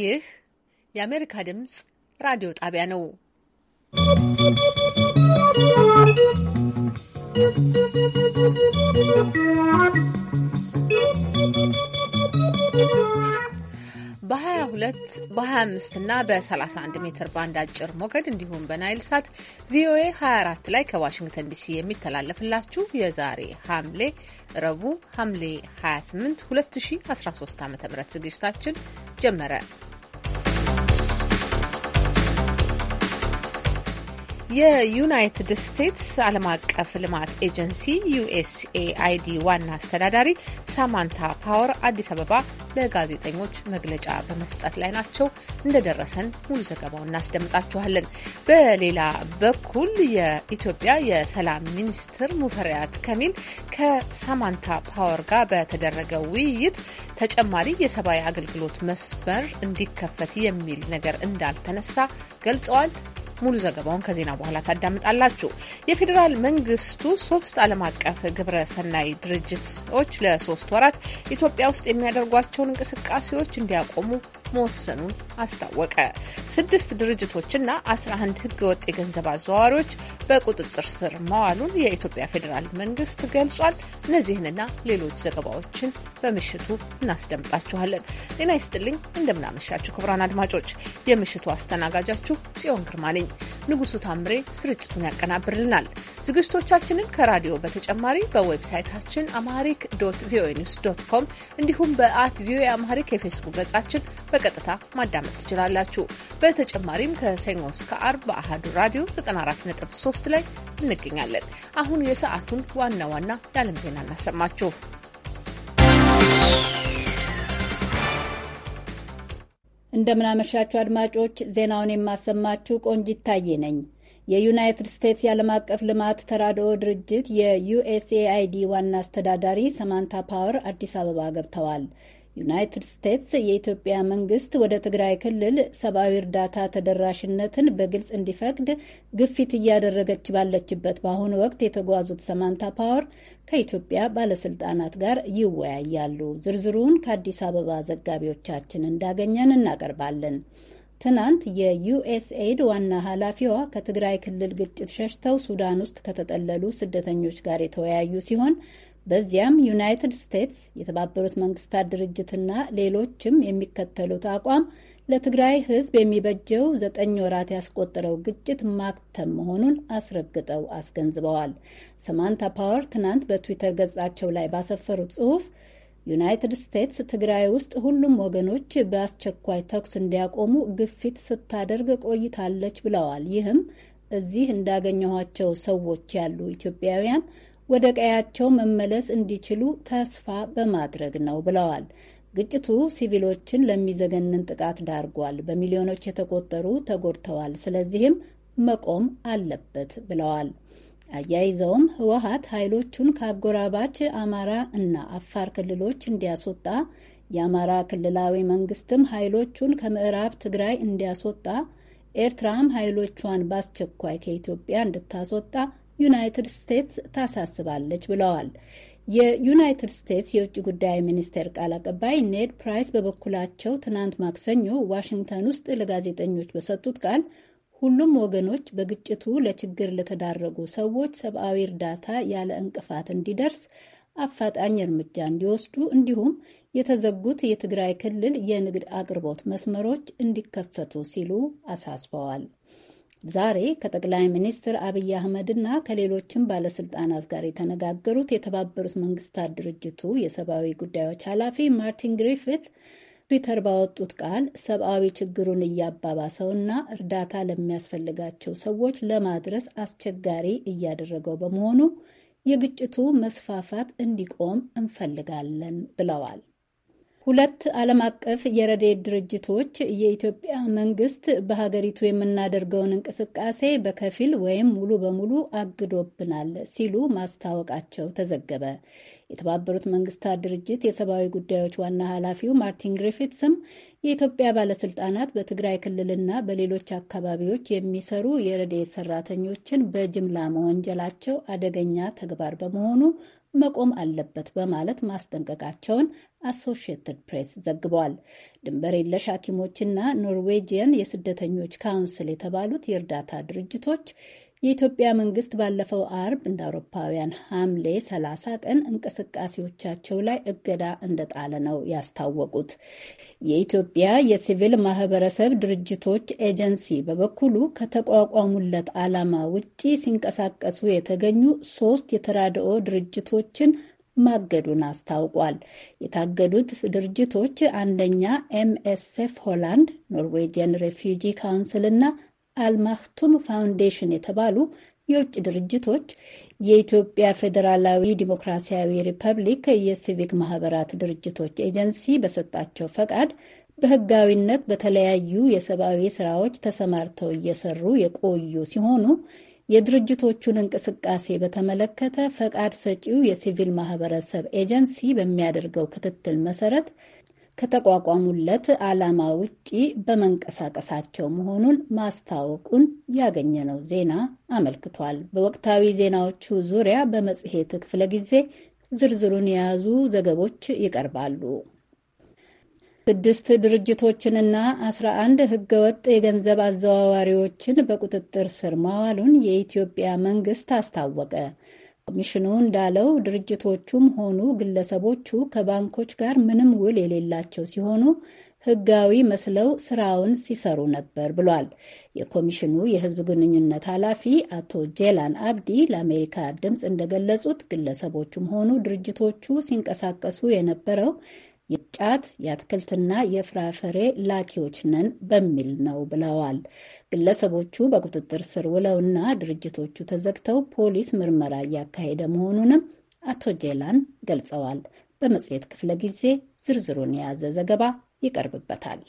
ይህ የአሜሪካ ድምፅ ራዲዮ ጣቢያ ነው። በ22 በ25 እና በ31 ሜትር ባንድ አጭር ሞገድ እንዲሁም በናይል ሳት ቪኦኤ 24 ላይ ከዋሽንግተን ዲሲ የሚተላለፍላችሁ የዛሬ ሐምሌ ረቡዕ ሐምሌ 28 2013 ዓ ም ዝግጅታችን ጀመረ። የዩናይትድ ስቴትስ ዓለም አቀፍ ልማት ኤጀንሲ ዩኤስኤ ዋና አስተዳዳሪ ሳማንታ ፓወር አዲስ አበባ ለጋዜጠኞች መግለጫ በመስጠት ላይ ናቸው። እንደደረሰን ሙሉ ዘገባው እናስደምጣችኋለን። በሌላ በኩል የኢትዮጵያ የሰላም ሚኒስትር ሙፈሪያት ከሚል ከሳማንታ ፓወር ጋር በተደረገ ውይይት ተጨማሪ የሰብአዊ አገልግሎት መስመር እንዲከፈት የሚል ነገር እንዳልተነሳ ገልጸዋል። ሙሉ ዘገባውን ከዜና በኋላ ታዳምጣላችሁ። የፌዴራል መንግስቱ ሶስት ዓለም አቀፍ ግብረ ሰናይ ድርጅቶች ለሶስት ወራት ኢትዮጵያ ውስጥ የሚያደርጓቸውን እንቅስቃሴዎች እንዲያቆሙ መወሰኑን አስታወቀ። ስድስት ድርጅቶችና አስራ አንድ ህገወጥ የገንዘብ አዘዋዋሪዎች በቁጥጥር ስር መዋሉን የኢትዮጵያ ፌዴራል መንግስት ገልጿል። እነዚህንና ሌሎች ዘገባዎችን በምሽቱ እናስደምጣችኋለን። ጤና ይስጥልኝ፣ እንደምናመሻችሁ ክቡራን አድማጮች፣ የምሽቱ አስተናጋጃችሁ ጽዮን ግርማ ነኝ። ንጉሱ ታምሬ ስርጭቱን ያቀናብርልናል። ዝግጅቶቻችንን ከራዲዮ በተጨማሪ በዌብሳይታችን አማሪክ ዶት ቪኦኤ ኒውስ ዶት ኮም እንዲሁም በአት ቪኦኤ አማሪክ የፌስቡክ ገጻችን በቀጥታ ማዳመጥ ትችላላችሁ። በተጨማሪም ከሰኞ እስከ አርብ በአህዱ ራዲዮ 94.3 ላይ እንገኛለን። አሁን የሰዓቱን ዋና ዋና የዓለም ዜና እናሰማችሁ። እንደምናመሻችሁ አድማጮች፣ ዜናውን የማሰማችሁ ቆንጂት ታዬ ነኝ። የዩናይትድ ስቴትስ የዓለም አቀፍ ልማት ተራድኦ ድርጅት የዩኤስኤአይዲ ዋና አስተዳዳሪ ሰማንታ ፓወር አዲስ አበባ ገብተዋል። ዩናይትድ ስቴትስ የኢትዮጵያ መንግስት ወደ ትግራይ ክልል ሰብአዊ እርዳታ ተደራሽነትን በግልጽ እንዲፈቅድ ግፊት እያደረገች ባለችበት በአሁኑ ወቅት የተጓዙት ሰማንታ ፓወር ከኢትዮጵያ ባለስልጣናት ጋር ይወያያሉ። ዝርዝሩን ከአዲስ አበባ ዘጋቢዎቻችን እንዳገኘን እናቀርባለን። ትናንት የዩኤስኤድ ዋና ኃላፊዋ ከትግራይ ክልል ግጭት ሸሽተው ሱዳን ውስጥ ከተጠለሉ ስደተኞች ጋር የተወያዩ ሲሆን በዚያም ዩናይትድ ስቴትስ፣ የተባበሩት መንግስታት ድርጅትና ሌሎችም የሚከተሉት አቋም ለትግራይ ህዝብ የሚበጀው ዘጠኝ ወራት ያስቆጠረው ግጭት ማክተም መሆኑን አስረግጠው አስገንዝበዋል። ሰማንታ ፓወር ትናንት በትዊተር ገጻቸው ላይ ባሰፈሩት ጽሑፍ ዩናይትድ ስቴትስ ትግራይ ውስጥ ሁሉም ወገኖች በአስቸኳይ ተኩስ እንዲያቆሙ ግፊት ስታደርግ ቆይታለች ብለዋል። ይህም እዚህ እንዳገኘኋቸው ሰዎች ያሉ ኢትዮጵያውያን ወደ ቀያቸው መመለስ እንዲችሉ ተስፋ በማድረግ ነው ብለዋል። ግጭቱ ሲቪሎችን ለሚዘገንን ጥቃት ዳርጓል። በሚሊዮኖች የተቆጠሩ ተጎድተዋል። ስለዚህም መቆም አለበት ብለዋል። አያይዘውም ህወሀት ኃይሎቹን ከአጎራባች አማራ እና አፋር ክልሎች እንዲያስወጣ የአማራ ክልላዊ መንግስትም ኃይሎቹን ከምዕራብ ትግራይ እንዲያስወጣ ኤርትራም ኃይሎቿን በአስቸኳይ ከኢትዮጵያ እንድታስወጣ ዩናይትድ ስቴትስ ታሳስባለች ብለዋል። የዩናይትድ ስቴትስ የውጭ ጉዳይ ሚኒስቴር ቃል አቀባይ ኔድ ፕራይስ በበኩላቸው ትናንት ማክሰኞ ዋሽንግተን ውስጥ ለጋዜጠኞች በሰጡት ቃል ሁሉም ወገኖች በግጭቱ ለችግር ለተዳረጉ ሰዎች ሰብአዊ እርዳታ ያለ እንቅፋት እንዲደርስ አፋጣኝ እርምጃ እንዲወስዱ እንዲሁም የተዘጉት የትግራይ ክልል የንግድ አቅርቦት መስመሮች እንዲከፈቱ ሲሉ አሳስበዋል። ዛሬ ከጠቅላይ ሚኒስትር አብይ አህመድና ከሌሎችም ባለስልጣናት ጋር የተነጋገሩት የተባበሩት መንግስታት ድርጅቱ የሰብአዊ ጉዳዮች ኃላፊ ማርቲን ግሪፊት ትዊተር ባወጡት ቃል ሰብአዊ ችግሩን እያባባሰውና እርዳታ ለሚያስፈልጋቸው ሰዎች ለማድረስ አስቸጋሪ እያደረገው በመሆኑ የግጭቱ መስፋፋት እንዲቆም እንፈልጋለን ብለዋል። ሁለት ዓለም አቀፍ የረድኤት ድርጅቶች የኢትዮጵያ መንግስት በሀገሪቱ የምናደርገውን እንቅስቃሴ በከፊል ወይም ሙሉ በሙሉ አግዶብናል ሲሉ ማስታወቃቸው ተዘገበ። የተባበሩት መንግስታት ድርጅት የሰብአዊ ጉዳዮች ዋና ኃላፊው ማርቲን ግሪፊትስም የኢትዮጵያ ባለስልጣናት በትግራይ ክልልና በሌሎች አካባቢዎች የሚሰሩ የረድኤት ሰራተኞችን በጅምላ መወንጀላቸው አደገኛ ተግባር በመሆኑ መቆም አለበት በማለት ማስጠንቀቃቸውን አሶሽየትድ ፕሬስ ዘግቧል። ድንበር የለሽ ሐኪሞችና ኖርዌጂየን የስደተኞች ካውንስል የተባሉት የእርዳታ ድርጅቶች የኢትዮጵያ መንግስት ባለፈው አርብ እንደ አውሮፓውያን ሐምሌ 30 ቀን እንቅስቃሴዎቻቸው ላይ እገዳ እንደጣለ ነው ያስታወቁት። የኢትዮጵያ የሲቪል ማህበረሰብ ድርጅቶች ኤጀንሲ በበኩሉ ከተቋቋሙለት ዓላማ ውጪ ሲንቀሳቀሱ የተገኙ ሶስት የተራድኦ ድርጅቶችን ማገዱን አስታውቋል። የታገዱት ድርጅቶች አንደኛ ኤምኤስኤፍ ሆላንድ፣ ኖርዌጂያን ሬፊውጂ ካውንስል እና አልማክቱም ፋውንዴሽን የተባሉ የውጭ ድርጅቶች የኢትዮጵያ ፌዴራላዊ ዲሞክራሲያዊ ሪፐብሊክ የሲቪክ ማህበራት ድርጅቶች ኤጀንሲ በሰጣቸው ፈቃድ በህጋዊነት በተለያዩ የሰብአዊ ስራዎች ተሰማርተው እየሰሩ የቆዩ ሲሆኑ የድርጅቶቹን እንቅስቃሴ በተመለከተ ፈቃድ ሰጪው የሲቪል ማህበረሰብ ኤጀንሲ በሚያደርገው ክትትል መሰረት ከተቋቋሙለት ዓላማ ውጪ በመንቀሳቀሳቸው መሆኑን ማስታወቁን ያገኘነው ዜና አመልክቷል። በወቅታዊ ዜናዎቹ ዙሪያ በመጽሔት ክፍለ ጊዜ ዝርዝሩን የያዙ ዘገቦች ይቀርባሉ። ስድስት ድርጅቶችንና አስራ1 አንድ ህገወጥ የገንዘብ አዘዋዋሪዎችን በቁጥጥር ስር ማዋሉን የኢትዮጵያ መንግስት አስታወቀ። ኮሚሽኑ እንዳለው ድርጅቶቹም ሆኑ ግለሰቦቹ ከባንኮች ጋር ምንም ውል የሌላቸው ሲሆኑ ህጋዊ መስለው ስራውን ሲሰሩ ነበር ብሏል። የኮሚሽኑ የህዝብ ግንኙነት ኃላፊ አቶ ጄላን አብዲ ለአሜሪካ ድምፅ እንደገለጹት ግለሰቦቹም ሆኑ ድርጅቶቹ ሲንቀሳቀሱ የነበረው የጫት የአትክልትና የፍራፍሬ ላኪዎች ነን በሚል ነው ብለዋል። ግለሰቦቹ በቁጥጥር ስር ውለውና ድርጅቶቹ ተዘግተው ፖሊስ ምርመራ እያካሄደ መሆኑንም አቶ ጄላን ገልጸዋል። በመጽሔት ክፍለ ጊዜ ዝርዝሩን የያዘ ዘገባ ይቀርብበታል።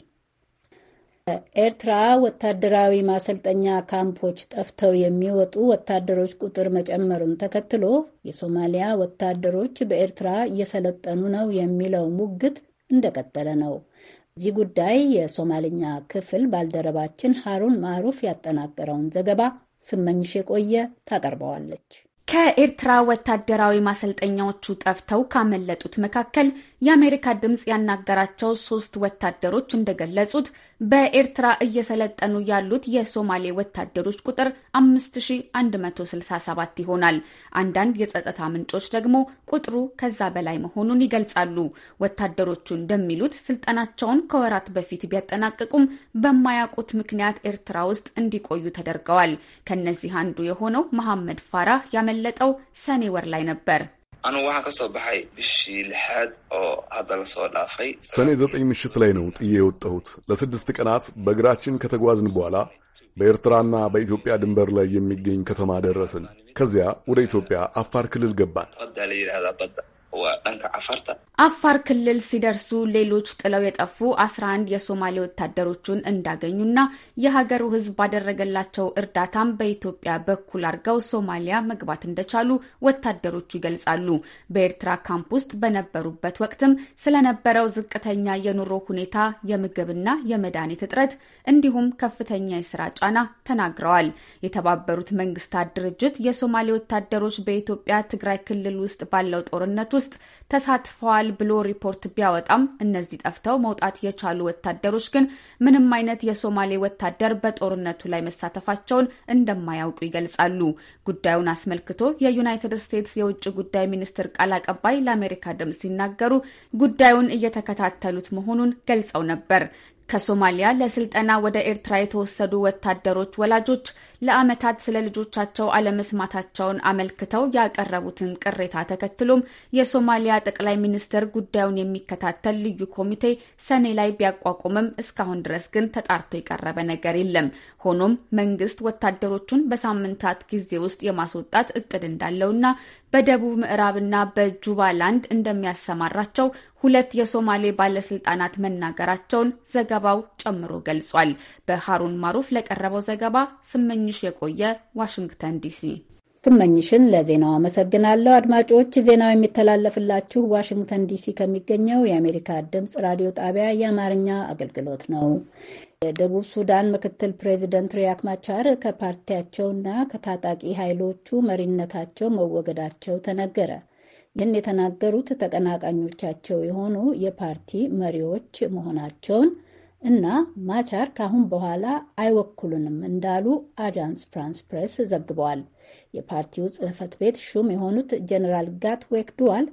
ከኤርትራ ወታደራዊ ማሰልጠኛ ካምፖች ጠፍተው የሚወጡ ወታደሮች ቁጥር መጨመሩን ተከትሎ የሶማሊያ ወታደሮች በኤርትራ እየሰለጠኑ ነው የሚለው ሙግት እንደቀጠለ ነው። እዚህ ጉዳይ የሶማልኛ ክፍል ባልደረባችን ሀሩን ማሩፍ ያጠናቀረውን ዘገባ ስመኝሽ የቆየ ታቀርበዋለች። ከኤርትራ ወታደራዊ ማሰልጠኛዎቹ ጠፍተው ካመለጡት መካከል የአሜሪካ ድምፅ ያናገራቸው ሶስት ወታደሮች እንደገለጹት በኤርትራ እየሰለጠኑ ያሉት የሶማሌ ወታደሮች ቁጥር 5167 ይሆናል። አንዳንድ የጸጥታ ምንጮች ደግሞ ቁጥሩ ከዛ በላይ መሆኑን ይገልጻሉ። ወታደሮቹ እንደሚሉት ስልጠናቸውን ከወራት በፊት ቢያጠናቅቁም በማያውቁት ምክንያት ኤርትራ ውስጥ እንዲቆዩ ተደርገዋል። ከነዚህ አንዱ የሆነው መሐመድ ፋራህ ያመለጠው ሰኔ ወር ላይ ነበር። anugu waxaan ka soo baxay bishii lixaad oo hadda lasoo dhaafay ሰኔ ዘጠኝ ምሽት ላይ ነው ጥዬ የወጣሁት። ለስድስት ቀናት በእግራችን ከተጓዝን በኋላ በኤርትራና በኢትዮጵያ ድንበር ላይ የሚገኝ ከተማ ደረስን። ከዚያ ወደ ኢትዮጵያ አፋር ክልል ገባን። አፋር ክልል ሲደርሱ ሌሎች ጥለው የጠፉ አስራ አንድ የሶማሌ ወታደሮቹን እንዳገኙና የሀገሩ ሕዝብ ባደረገላቸው እርዳታም በኢትዮጵያ በኩል አድርገው ሶማሊያ መግባት እንደቻሉ ወታደሮቹ ይገልጻሉ። በኤርትራ ካምፕ ውስጥ በነበሩበት ወቅትም ስለነበረው ዝቅተኛ የኑሮ ሁኔታ፣ የምግብና የመድኃኒት እጥረት እንዲሁም ከፍተኛ የስራ ጫና ተናግረዋል። የተባበሩት መንግስታት ድርጅት የሶማሌ ወታደሮች በኢትዮጵያ ትግራይ ክልል ውስጥ ባለው ጦርነት ውስጥ ተሳትፈዋል ብሎ ሪፖርት ቢያወጣም እነዚህ ጠፍተው መውጣት የቻሉ ወታደሮች ግን ምንም አይነት የሶማሌ ወታደር በጦርነቱ ላይ መሳተፋቸውን እንደማያውቁ ይገልጻሉ። ጉዳዩን አስመልክቶ የዩናይትድ ስቴትስ የውጭ ጉዳይ ሚኒስትር ቃል አቀባይ ለአሜሪካ ድምፅ ሲናገሩ ጉዳዩን እየተከታተሉት መሆኑን ገልጸው ነበር። ከሶማሊያ ለስልጠና ወደ ኤርትራ የተወሰዱ ወታደሮች ወላጆች ለዓመታት ስለ ልጆቻቸው አለመስማታቸውን አመልክተው ያቀረቡትን ቅሬታ ተከትሎም የሶማሊያ ጠቅላይ ሚኒስትር ጉዳዩን የሚከታተል ልዩ ኮሚቴ ሰኔ ላይ ቢያቋቁምም እስካሁን ድረስ ግን ተጣርቶ የቀረበ ነገር የለም። ሆኖም መንግስት ወታደሮቹን በሳምንታት ጊዜ ውስጥ የማስወጣት እቅድ እንዳለውና በደቡብ ምዕራብና በጁባላንድ እንደሚያሰማራቸው ሁለት የሶማሌ ባለስልጣናት መናገራቸውን ዘገባው ጨምሮ ገልጿል። በሃሩን ማሩፍ ለቀረበው ዘገባ ስመኝ ስመኝሽ የቆየ ዋሽንግተን ዲሲ። ስመኝሽን ለዜናው አመሰግናለሁ። አድማጮች ዜናው የሚተላለፍላችሁ ዋሽንግተን ዲሲ ከሚገኘው የአሜሪካ ድምፅ ራዲዮ ጣቢያ የአማርኛ አገልግሎት ነው። የደቡብ ሱዳን ምክትል ፕሬዚደንት ሪያክ ማቻር ከፓርቲያቸውና ከታጣቂ ኃይሎቹ መሪነታቸው መወገዳቸው ተነገረ። ይህን የተናገሩት ተቀናቃኞቻቸው የሆኑ የፓርቲ መሪዎች መሆናቸውን እና ማቻር ካአሁን በኋላ አይወክሉንም እንዳሉ አጃንስ ፍራንስ ፕሬስ ዘግበዋል። የፓርቲው ጽህፈት ቤት ሹም የሆኑት ጀኔራል ጋትዌክ ዱዋል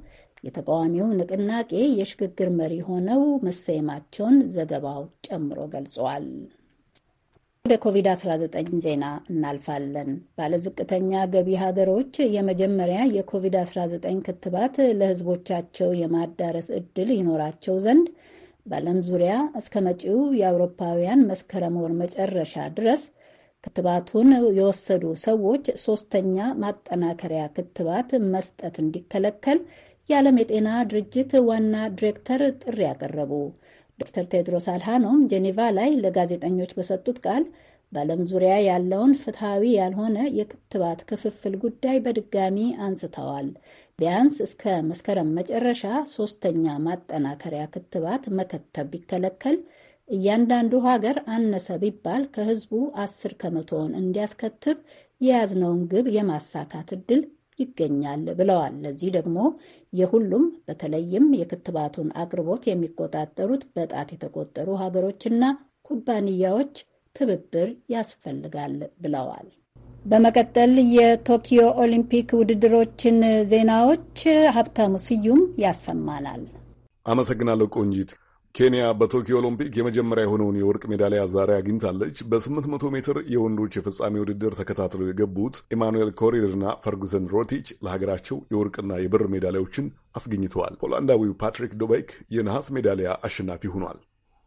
የተቃዋሚው ንቅናቄ የሽግግር መሪ ሆነው መሰየማቸውን ዘገባው ጨምሮ ገልጸዋል። ወደ ኮቪድ-19 ዜና እናልፋለን። ባለዝቅተኛ ገቢ ሀገሮች የመጀመሪያ የኮቪድ-19 ክትባት ለህዝቦቻቸው የማዳረስ ዕድል ይኖራቸው ዘንድ በዓለም ዙሪያ እስከ መጪው የአውሮፓውያን መስከረም ወር መጨረሻ ድረስ ክትባቱን የወሰዱ ሰዎች ሶስተኛ ማጠናከሪያ ክትባት መስጠት እንዲከለከል የዓለም የጤና ድርጅት ዋና ዲሬክተር ጥሪ ያቀረቡ ዶክተር ቴድሮስ አድሃኖም ጄኔቫ ላይ ለጋዜጠኞች በሰጡት ቃል በዓለም ዙሪያ ያለውን ፍትሐዊ ያልሆነ የክትባት ክፍፍል ጉዳይ በድጋሚ አንስተዋል። ቢያንስ እስከ መስከረም መጨረሻ ሶስተኛ ማጠናከሪያ ክትባት መከተብ ቢከለከል እያንዳንዱ ሀገር አነሰ ቢባል ከህዝቡ አስር ከመቶውን እንዲያስከትብ የያዝነውን ግብ የማሳካት እድል ይገኛል ብለዋል። ለዚህ ደግሞ የሁሉም በተለይም የክትባቱን አቅርቦት የሚቆጣጠሩት በጣት የተቆጠሩ ሀገሮችና ኩባንያዎች ትብብር ያስፈልጋል ብለዋል። በመቀጠል የቶኪዮ ኦሊምፒክ ውድድሮችን ዜናዎች ሀብታሙ ስዩም ያሰማናል። አመሰግናለሁ ቆንጂት። ኬንያ በቶኪዮ ኦሎምፒክ የመጀመሪያ የሆነውን የወርቅ ሜዳሊያ ዛሬ አግኝታለች። በ800 ሜትር የወንዶች የፍጻሜ ውድድር ተከታትለው የገቡት ኢማኑኤል ና ፈርጉሰን ሮቲች ለሀገራቸው የወርቅና የብር ሜዳሊያዎችን አስገኝተዋል። ሆላንዳዊው ፓትሪክ ዶቤክ የነሐስ ሜዳሊያ አሸናፊ ሆኗል።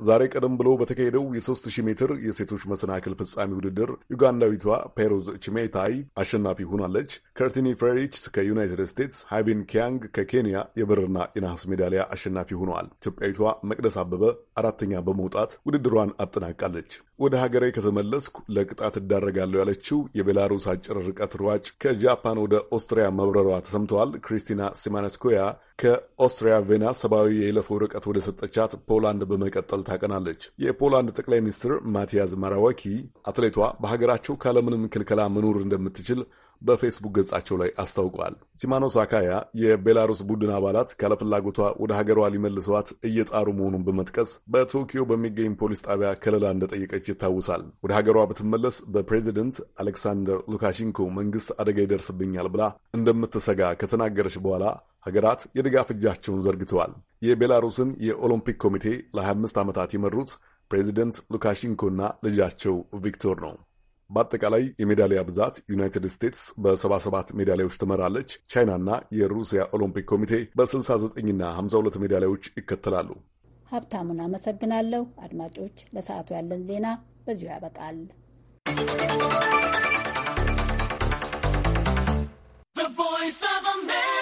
ዛሬ ቀደም ብሎ በተካሄደው የ3000 ሜትር የሴቶች መሰናክል ፍጻሜ ውድድር ዩጋንዳዊቷ ፔሮዝ ቺሜታይ አሸናፊ ሆናለች። ከርቲኒ ፍሬሪች ከዩናይትድ ስቴትስ፣ ሃይቢን ኪያንግ ከኬንያ የብርና የነሐስ ሜዳሊያ አሸናፊ ሆነዋል። ኢትዮጵያዊቷ መቅደስ አበበ አራተኛ በመውጣት ውድድሯን አጠናቃለች። ወደ ሀገሬ ከተመለስኩ ለቅጣት እዳረጋለሁ ያለችው የቤላሩስ አጭር ርቀት ሯጭ ከጃፓን ወደ ኦስትሪያ መብረሯ ተሰምተዋል። ክሪስቲና ሲማነስኮያ ከኦስትሪያ ቬና ሰብአዊ የይለፍ ወረቀት ወደ ሰጠቻት ፖላንድ በመቀጠል ታቀናለች። የፖላንድ ጠቅላይ ሚኒስትር ማቲያዝ ማራዋኪ አትሌቷ በሀገራቸው ካለምንም ክልከላ መኖር እንደምትችል በፌስቡክ ገጻቸው ላይ አስታውቀዋል። ሲማኖስ አካያ የቤላሩስ ቡድን አባላት ካለፍላጎቷ ወደ ሀገሯ ሊመልሰዋት እየጣሩ መሆኑን በመጥቀስ በቶኪዮ በሚገኝ ፖሊስ ጣቢያ ከለላ እንደጠየቀች ይታወሳል። ወደ ሀገሯ ብትመለስ በፕሬዚደንት አሌክሳንደር ሉካሽንኮ መንግስት አደጋ ይደርስብኛል ብላ እንደምትሰጋ ከተናገረች በኋላ ሀገራት የድጋፍ እጃቸውን ዘርግተዋል። የቤላሩስን የኦሎምፒክ ኮሚቴ ለ25 ዓመታት የመሩት ፕሬዚደንት ሉካሽንኮና ልጃቸው ቪክቶር ነው። በአጠቃላይ የሜዳሊያ ብዛት ዩናይትድ ስቴትስ በ77 ሜዳሊያዎች ትመራለች። ቻይናና የሩሲያ ኦሎምፒክ ኮሚቴ በ69ና 52 ሜዳሊያዎች ይከተላሉ። ሀብታሙን አመሰግናለሁ። አድማጮች፣ ለሰዓቱ ያለን ዜና በዚሁ ያበቃል። ቮይስ ኦፍ አሜሪካ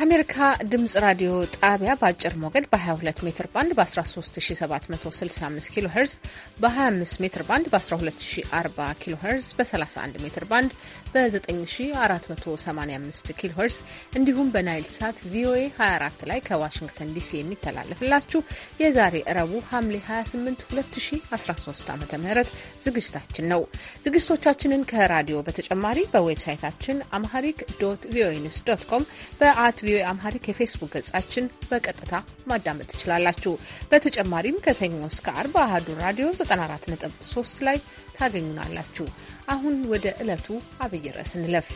ከአሜሪካ ድምጽ ራዲዮ ጣቢያ በአጭር ሞገድ በ22 ሜትር ባንድ በ13765 ኪሎ ሄርዝ በ25 ሜትር ባንድ በ1240 ኪሎ ሄርዝ በ31 ሜትር ባንድ በ9485 ኪሎ ሄርስ እንዲሁም በናይል ሳት ቪኦኤ 24 ላይ ከዋሽንግተን ዲሲ የሚተላለፍላችሁ የዛሬ እረቡ ሐምሌ 28 2013 ዓ ም ዝግጅታችን ነው። ዝግጅቶቻችንን ከራዲዮ በተጨማሪ በዌብሳይታችን አምሃሪክ ዶት ቪኦኤ ኒውስ ዶት ኮም በአት ቪኦኤ አምሃሪክ የፌስቡክ ገጻችን በቀጥታ ማዳመጥ ትችላላችሁ። በተጨማሪም ከሰኞ እስከ አርብ አህዱ ራዲዮ 94.3 ላይ ታገኙናላችሁ። አሁን ወደ ዕለቱ አብይ ርዕስ እንለፍ።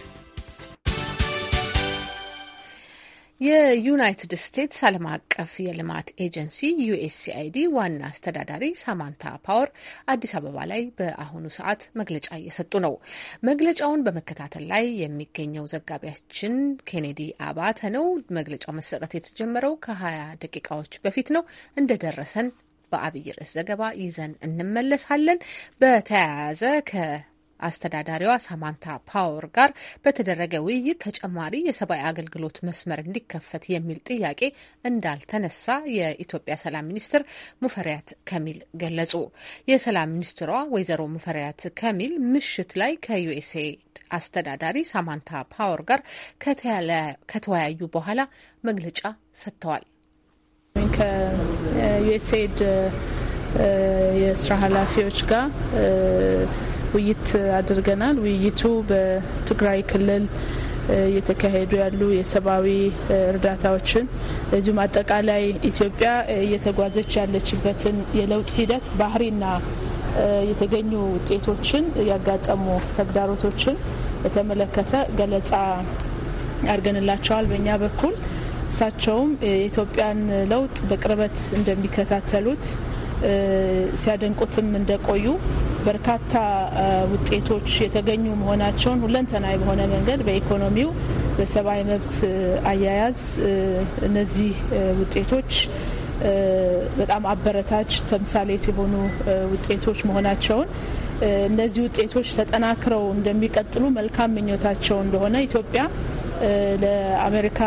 የዩናይትድ ስቴትስ ዓለም አቀፍ የልማት ኤጀንሲ ዩኤስኤአይዲ ዋና አስተዳዳሪ ሳማንታ ፓወር አዲስ አበባ ላይ በአሁኑ ሰዓት መግለጫ እየሰጡ ነው። መግለጫውን በመከታተል ላይ የሚገኘው ዘጋቢያችን ኬኔዲ አባተ ነው። መግለጫው መሰጠት የተጀመረው ከ ደቂቃዎች በፊት ነው። እንደደረሰን በአብይ ርዕስ ዘገባ ይዘን እንመለሳለን። በተያያዘ ከአስተዳዳሪዋ ሳማንታ ፓወር ጋር በተደረገ ውይይት ተጨማሪ የሰብአዊ አገልግሎት መስመር እንዲከፈት የሚል ጥያቄ እንዳልተነሳ የኢትዮጵያ ሰላም ሚኒስትር ሙፈሪያት ከሚል ገለጹ። የሰላም ሚኒስትሯ ወይዘሮ ሙፈሪያት ከሚል ምሽት ላይ ከዩኤስኤ አስተዳዳሪ ሳማንታ ፓወር ጋር ከተወያዩ በኋላ መግለጫ ሰጥተዋል። ከዩኤስኤድ የስራ ኃላፊዎች ጋር ውይይት አድርገናል። ውይይቱ በትግራይ ክልል እየተካሄዱ ያሉ የሰብአዊ እርዳታዎችን እዚሁም አጠቃላይ ኢትዮጵያ እየተጓዘች ያለችበትን የለውጥ ሂደት ባህሪና የተገኙ ውጤቶችን ያጋጠሙ ተግዳሮቶችን የተመለከተ ገለጻ አድርገንላቸዋል በእኛ በኩል እሳቸውም የኢትዮጵያን ለውጥ በቅርበት እንደሚከታተሉት ሲያደንቁትም እንደቆዩ በርካታ ውጤቶች የተገኙ መሆናቸውን ሁለንተናዊ በሆነ መንገድ በኢኮኖሚው፣ በሰብአዊ መብት አያያዝ እነዚህ ውጤቶች በጣም አበረታች ተምሳሌት የሆኑ ውጤቶች መሆናቸውን እነዚህ ውጤቶች ተጠናክረው እንደሚቀጥሉ መልካም ምኞታቸው እንደሆነ ኢትዮጵያ ለአሜሪካ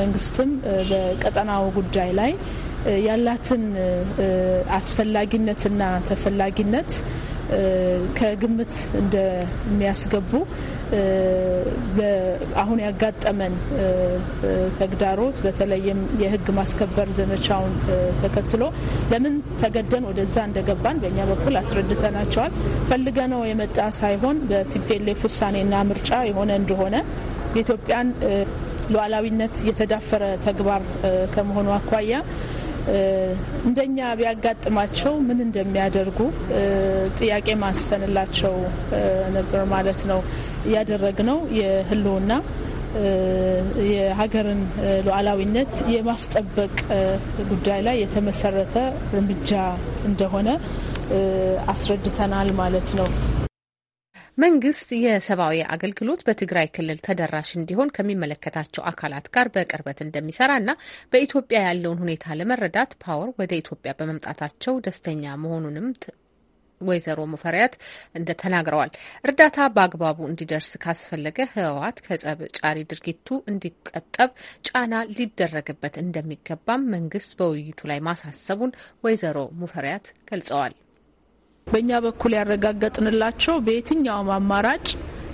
መንግስትም በቀጠናው ጉዳይ ላይ ያላትን አስፈላጊነትና ተፈላጊነት ከግምት እንደሚያስገቡ አሁን ያጋጠመን ተግዳሮት በተለይም የሕግ ማስከበር ዘመቻውን ተከትሎ ለምን ተገደን ወደዛ እንደገባን በእኛ በኩል አስረድተናቸዋል። ፈልገነው የመጣ ሳይሆን በቲፒኤልኤፍ ውሳኔና ምርጫ የሆነ እንደሆነ የኢትዮጵያን ሉዓላዊነት የተዳፈረ ተግባር ከመሆኑ አኳያ እንደኛ ቢያጋጥማቸው ምን እንደሚያደርጉ ጥያቄ ማሰንላቸው ነበር ማለት ነው። እያደረግ ነው የህልውና የሀገርን ሉዓላዊነት የማስጠበቅ ጉዳይ ላይ የተመሰረተ እርምጃ እንደሆነ አስረድተናል ማለት ነው። መንግስት የሰብአዊ አገልግሎት በትግራይ ክልል ተደራሽ እንዲሆን ከሚመለከታቸው አካላት ጋር በቅርበት እንደሚሰራ እና በኢትዮጵያ ያለውን ሁኔታ ለመረዳት ፓወር ወደ ኢትዮጵያ በመምጣታቸው ደስተኛ መሆኑንም ወይዘሮ ሙፈሪያት እንደ ተናግረዋል። እርዳታ በአግባቡ እንዲደርስ ካስፈለገ ህወሓት ከጸብ ጫሪ ድርጊቱ እንዲቀጠብ ጫና ሊደረግበት እንደሚገባም መንግስት በውይይቱ ላይ ማሳሰቡን ወይዘሮ ሙፈሪያት ገልጸዋል። በእኛ በኩል ያረጋገጥንላቸው በየትኛውም አማራጭ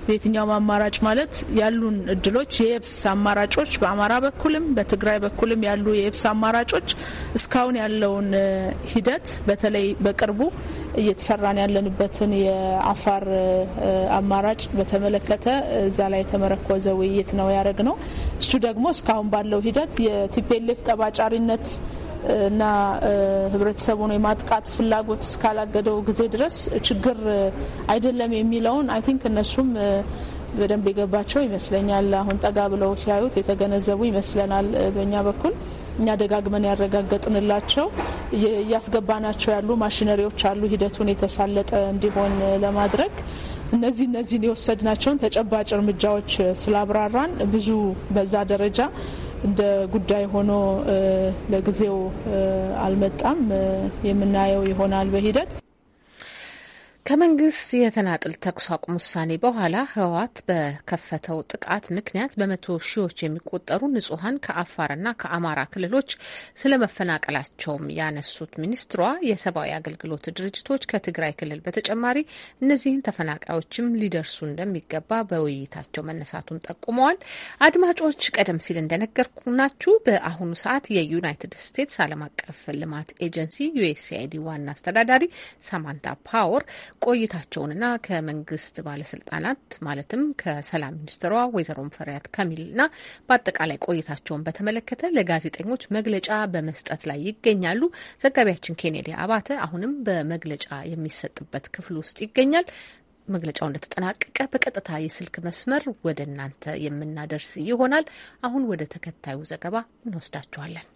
በየትኛውም አማራጭ ማለት ያሉን እድሎች የየብስ አማራጮች በአማራ በኩልም በትግራይ በኩልም ያሉ የየብስ አማራጮች እስካሁን ያለውን ሂደት በተለይ በቅርቡ እየተሰራን ያለንበትን የአፋር አማራጭ በተመለከተ እዛ ላይ የተመረኮዘ ውይይት ነው ያደረግ ነው። እሱ ደግሞ እስካሁን ባለው ሂደት የቲፔሌፍ ጠባጫሪነት እና ህብረተሰቡን የማጥቃት ፍላጎት እስካላገደው ጊዜ ድረስ ችግር አይደለም የሚለውን አይ ቲንክ እነሱም በደንብ የገባቸው ይመስለኛል። አሁን ጠጋ ብለው ሲያዩት የተገነዘቡ ይመስለናል። በእኛ በኩል እኛ ደጋግመን ያረጋገጥንላቸው እያስገባናቸው ያሉ ማሽነሪዎች አሉ ሂደቱን የተሳለጠ እንዲሆን ለማድረግ እነዚህ እነዚህን የወሰድናቸውን ተጨባጭ እርምጃዎች ስላብራራን ብዙ በዛ ደረጃ እንደ ጉዳይ ሆኖ ለጊዜው አልመጣም። የምናየው ይሆናል በሂደት ከመንግስት የተናጥል ተኩስ አቁም ውሳኔ በኋላ ህወሓት በከፈተው ጥቃት ምክንያት በመቶ ሺዎች የሚቆጠሩ ንጹሐን ከአፋርና ከአማራ ክልሎች ስለመፈናቀላቸውም ያነሱት ሚኒስትሯ የሰብአዊ አገልግሎት ድርጅቶች ከትግራይ ክልል በተጨማሪ እነዚህን ተፈናቃዮችም ሊደርሱ እንደሚገባ በውይይታቸው መነሳቱን ጠቁመዋል። አድማጮች፣ ቀደም ሲል እንደነገርኩናችሁ በአሁኑ ሰዓት የዩናይትድ ስቴትስ ዓለም አቀፍ ልማት ኤጀንሲ ዩኤስኤአይዲ ዋና አስተዳዳሪ ሳማንታ ፓወር ቆይታቸውንና ከመንግስት ባለስልጣናት ማለትም ከሰላም ሚኒስትሯ ወይዘሮ ሙፈሪያት ካሚልና በአጠቃላይ ቆይታቸውን በተመለከተ ለጋዜጠኞች መግለጫ በመስጠት ላይ ይገኛሉ። ዘጋቢያችን ኬኔዲ አባተ አሁንም በመግለጫ የሚሰጥበት ክፍል ውስጥ ይገኛል። መግለጫው እንደተጠናቀቀ በቀጥታ የስልክ መስመር ወደ እናንተ የምናደርስ ይሆናል። አሁን ወደ ተከታዩ ዘገባ እንወስዳችኋለን።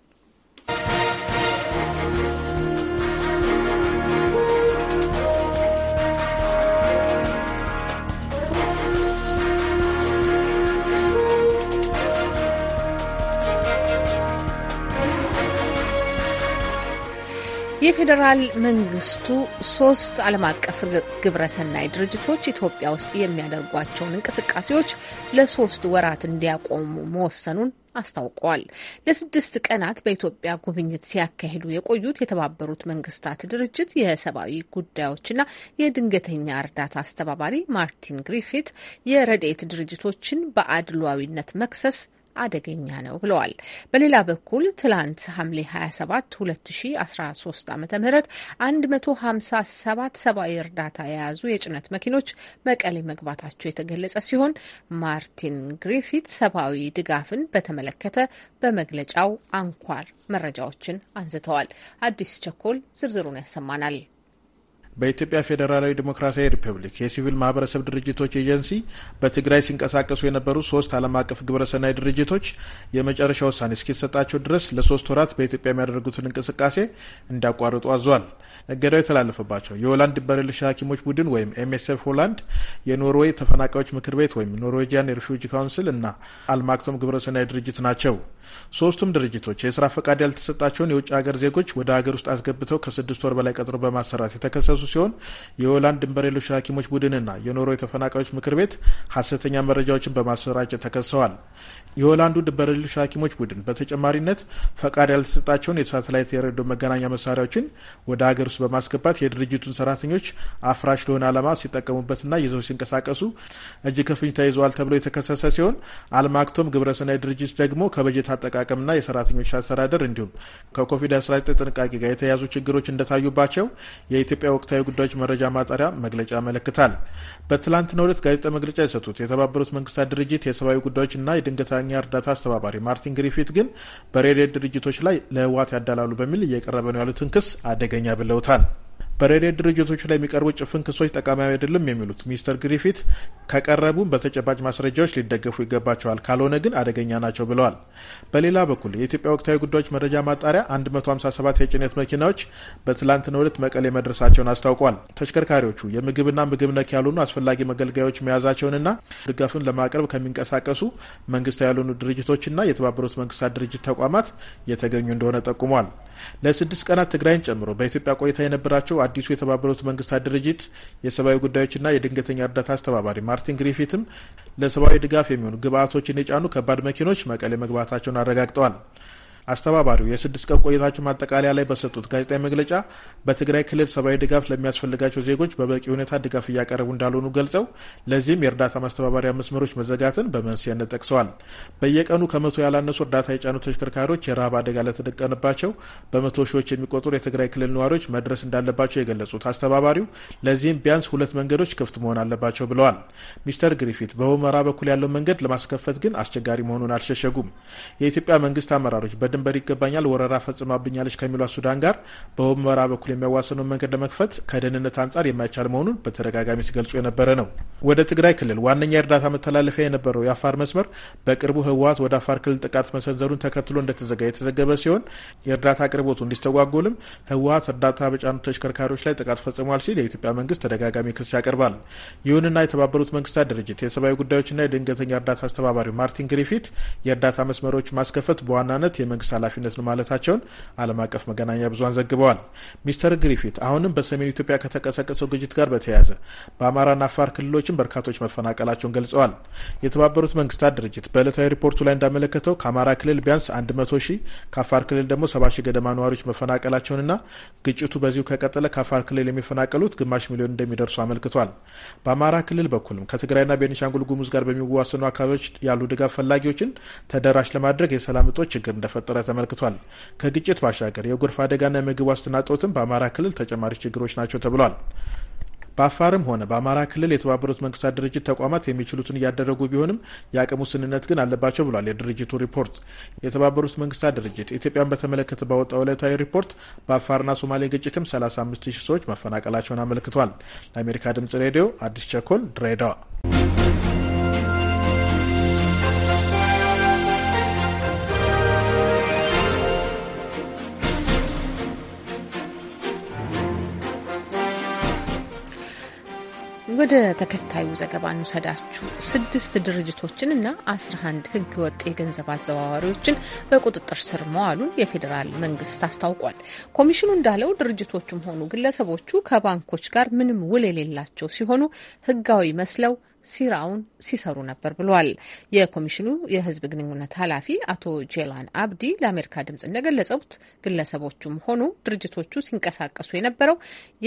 የፌዴራል መንግስቱ ሶስት ዓለም አቀፍ ግብረሰናይ ድርጅቶች ኢትዮጵያ ውስጥ የሚያደርጓቸውን እንቅስቃሴዎች ለሶስት ወራት እንዲያቆሙ መወሰኑን አስታውቀዋል። ለስድስት ቀናት በኢትዮጵያ ጉብኝት ሲያካሂዱ የቆዩት የተባበሩት መንግስታት ድርጅት የሰብአዊ ጉዳዮችና የድንገተኛ እርዳታ አስተባባሪ ማርቲን ግሪፊት የረድኤት ድርጅቶችን በአድሏዊነት መክሰስ አደገኛ ነው ብለዋል። በሌላ በኩል ትላንት ሐምሌ 27 2013 ዓ ም 157 ሰብአዊ እርዳታ የያዙ የጭነት መኪኖች መቀሌ መግባታቸው የተገለጸ ሲሆን ማርቲን ግሪፊት ሰብአዊ ድጋፍን በተመለከተ በመግለጫው አንኳር መረጃዎችን አንስተዋል። አዲስ ቸኮል ዝርዝሩን ያሰማናል። በኢትዮጵያ ፌዴራላዊ ዴሞክራሲያዊ ሪፐብሊክ የሲቪል ማህበረሰብ ድርጅቶች ኤጀንሲ በትግራይ ሲንቀሳቀሱ የነበሩ ሶስት ዓለም አቀፍ ግብረሰናይ ድርጅቶች የመጨረሻ ውሳኔ እስኪሰጣቸው ድረስ ለሶስት ወራት በኢትዮጵያ የሚያደርጉትን እንቅስቃሴ እንዲያቋርጡ አዟል። እገዳው የተላለፈባቸው የሆላንድ ድንበር የለሽ ሐኪሞች ቡድን ወይም ኤምኤስኤፍ ሆላንድ፣ የኖርዌይ ተፈናቃዮች ምክር ቤት ወይም ኖርዌጂያን ሪፉጂ ካውንስል እና አልማክቶም ግብረሰናይ ድርጅት ናቸው። ሶስቱም ድርጅቶች የስራ ፈቃድ ያልተሰጣቸውን የውጭ ሀገር ዜጎች ወደ ሀገር ውስጥ አስገብተው ከስድስት ወር በላይ ቀጥሮ በማሰራት የተከሰሱ ሲሆን የሆላንድ ድንበር የለሽ ሐኪሞች ቡድንና የኖሮ የተፈናቃዮች ምክር ቤት ሀሰተኛ መረጃዎችን በማሰራጨት ተከሰዋል። የሆላንዱ ድንበር የለሽ ሐኪሞች ቡድን በተጨማሪነት ፈቃድ ያልተሰጣቸውን የሳተላይት የሬዲዮ መገናኛ መሳሪያዎችን ወደ ሀገር ውስጥ በማስገባት የድርጅቱን ሰራተኞች አፍራሽ ለሆነ ዓላማ ሲጠቀሙበትና ይዘው ሲንቀሳቀሱ እጅ ከፍንጅ ተይዘዋል ተብሎ የተከሰሰ ሲሆን አልማክቶም ግብረሰናይ ድርጅት ደግሞ ከበጀት አጠቃቀምና የሰራተኞች አስተዳደር እንዲሁም ከኮቪድ-19 ጥንቃቄ ጋር የተያያዙ ችግሮች እንደታዩባቸው የኢትዮጵያ ወቅታዊ ጉዳዮች መረጃ ማጣሪያ መግለጫ ያመለክታል። በትላንትናው ዕለት ጋዜጣ መግለጫ የሰጡት የተባበሩት መንግስታት ድርጅት የሰብአዊ ጉዳዮችና የድንገተኛ እርዳታ አስተባባሪ ማርቲን ግሪፊት ግን በሬዴድ ድርጅቶች ላይ ለህወሓት ያዳላሉ በሚል እየቀረበ ነው ያሉትን ክስ አደገኛ ብለውታል። በረድኤት ድርጅቶች ላይ የሚቀርቡ ጭፍን ክሶች ጠቃሚ አይደለም የሚሉት ሚስተር ግሪፊት ከቀረቡም በተጨባጭ ማስረጃዎች ሊደገፉ ይገባቸዋል፣ ካልሆነ ግን አደገኛ ናቸው ብለዋል። በሌላ በኩል የኢትዮጵያ ወቅታዊ ጉዳዮች መረጃ ማጣሪያ 157 የጭነት መኪናዎች በትላንትናው ዕለት መቀሌ መድረሳቸውን አስታውቋል። ተሽከርካሪዎቹ የምግብና ምግብ ነክ ያልሆኑ አስፈላጊ መገልገያዎች መያዛቸውንና ድጋፍን ለማቅረብ ከሚንቀሳቀሱ መንግስታዊ ያልሆኑ ድርጅቶችና የተባበሩት መንግስታት ድርጅት ተቋማት የተገኙ እንደሆነ ጠቁሟል። ለስድስት ቀናት ትግራይን ጨምሮ በኢትዮጵያ ቆይታ የነበራቸው አዲሱ የተባበሩት መንግስታት ድርጅት የሰብአዊ ጉዳዮችና የድንገተኛ እርዳታ አስተባባሪ ማርቲን ግሪፊትም ለሰብአዊ ድጋፍ የሚሆኑ ግብአቶችን የጫኑ ከባድ መኪኖች መቀሌ መግባታቸውን አረጋግጠዋል። አስተባባሪው የስድስት ቀን ቆይታቸው ማጠቃለያ ላይ በሰጡት ጋዜጣዊ መግለጫ በትግራይ ክልል ሰብአዊ ድጋፍ ለሚያስፈልጋቸው ዜጎች በበቂ ሁኔታ ድጋፍ እያቀረቡ እንዳልሆኑ ገልጸው ለዚህም የእርዳታ ማስተባበሪያ መስመሮች መዘጋትን በመንስኤነት ጠቅሰዋል። በየቀኑ ከመቶ ያላነሱ እርዳታ የጫኑ ተሽከርካሪዎች የረሃብ አደጋ ለተደቀንባቸው በመቶ ሺዎች የሚቆጠሩ የትግራይ ክልል ነዋሪዎች መድረስ እንዳለባቸው የገለጹት አስተባባሪው ለዚህም ቢያንስ ሁለት መንገዶች ክፍት መሆን አለባቸው ብለዋል። ሚስተር ግሪፊት በሁመራ በኩል ያለው መንገድ ለማስከፈት ግን አስቸጋሪ መሆኑን አልሸሸጉም። የኢትዮጵያ መንግስት አመራሮች በድ ድንበር ይገባኛል ወረራ ፈጽማብኛለች ከሚሏት ሱዳን ጋር በሁመራ በኩል የሚያዋስነውን መንገድ ለመክፈት ከደህንነት አንጻር የማይቻል መሆኑን በተደጋጋሚ ሲገልጹ የነበረ ነው። ወደ ትግራይ ክልል ዋነኛ የእርዳታ መተላለፊያ የነበረው የአፋር መስመር በቅርቡ ህወሀት ወደ አፋር ክልል ጥቃት መሰንዘሩን ተከትሎ እንደተዘጋ የተዘገበ ሲሆን የእርዳታ አቅርቦቱ እንዲስተጓጎልም ህወሀት እርዳታ በጫኑ ተሽከርካሪዎች ላይ ጥቃት ፈጽሟል ሲል የኢትዮጵያ መንግስት ተደጋጋሚ ክስ ያቀርባል። ይሁንና የተባበሩት መንግስታት ድርጅት የሰብአዊ ጉዳዮችና የድንገተኛ እርዳታ አስተባባሪው ማርቲን ግሪፊት የእርዳታ መስመሮች ማስከፈት በዋናነት የመንግስት መንግስት ኃላፊነት ነው ማለታቸውን ዓለም አቀፍ መገናኛ ብዙሀን ዘግበዋል። ሚስተር ግሪፊት አሁንም በሰሜን ኢትዮጵያ ከተቀሰቀሰው ግጭት ጋር በተያያዘ በአማራና አፋር ክልሎችም በርካቶች መፈናቀላቸውን ገልጸዋል። የተባበሩት መንግስታት ድርጅት በዕለታዊ ሪፖርቱ ላይ እንዳመለከተው ከአማራ ክልል ቢያንስ አንድ መቶ ሺህ ከአፋር ክልል ደግሞ ሰባ ሺህ ገደማ ነዋሪዎች መፈናቀላቸውንና ግጭቱ በዚሁ ከቀጠለ ከአፋር ክልል የሚፈናቀሉት ግማሽ ሚሊዮን እንደሚደርሱ አመልክቷል። በአማራ ክልል በኩልም ከትግራይና ቤኒሻንጉል ጉሙዝ ጋር በሚዋሰኑ አካባቢዎች ያሉ ድጋፍ ፈላጊዎችን ተደራሽ ለማድረግ የሰላም እጦት ችግር እንደፈጠ እንደተፈጠረ ተመልክቷል። ከግጭት ባሻገር የጎርፍ አደጋና የምግብ ዋስትና ጦትም በአማራ ክልል ተጨማሪ ችግሮች ናቸው ተብሏል። በአፋርም ሆነ በአማራ ክልል የተባበሩት መንግስታት ድርጅት ተቋማት የሚችሉትን እያደረጉ ቢሆንም የአቅም ውስንነት ግን አለባቸው ብሏል የድርጅቱ ሪፖርት። የተባበሩት መንግስታት ድርጅት ኢትዮጵያን በተመለከተ ባወጣው ዕለታዊ ሪፖርት በአፋርና ሶማሌ ግጭትም 35 ሺህ ሰዎች መፈናቀላቸውን አመልክቷል። ለአሜሪካ ድምጽ ሬዲዮ አዲስ ቸኮል ድሬዳዋ ወደ ተከታዩ ዘገባ እንውሰዳችሁ። ስድስት ድርጅቶችን እና አስራ አንድ ህገ ወጥ የገንዘብ አዘዋዋሪዎችን በቁጥጥር ስር መዋሉን የፌዴራል መንግስት አስታውቋል። ኮሚሽኑ እንዳለው ድርጅቶቹም ሆኑ ግለሰቦቹ ከባንኮች ጋር ምንም ውል የሌላቸው ሲሆኑ ህጋዊ መስለው ሲራውን ሲሰሩ ነበር ብሏል። የኮሚሽኑ የህዝብ ግንኙነት ኃላፊ አቶ ጄላን አብዲ ለአሜሪካ ድምጽ እንደገለጹት ግለሰቦቹም ሆኑ ድርጅቶቹ ሲንቀሳቀሱ የነበረው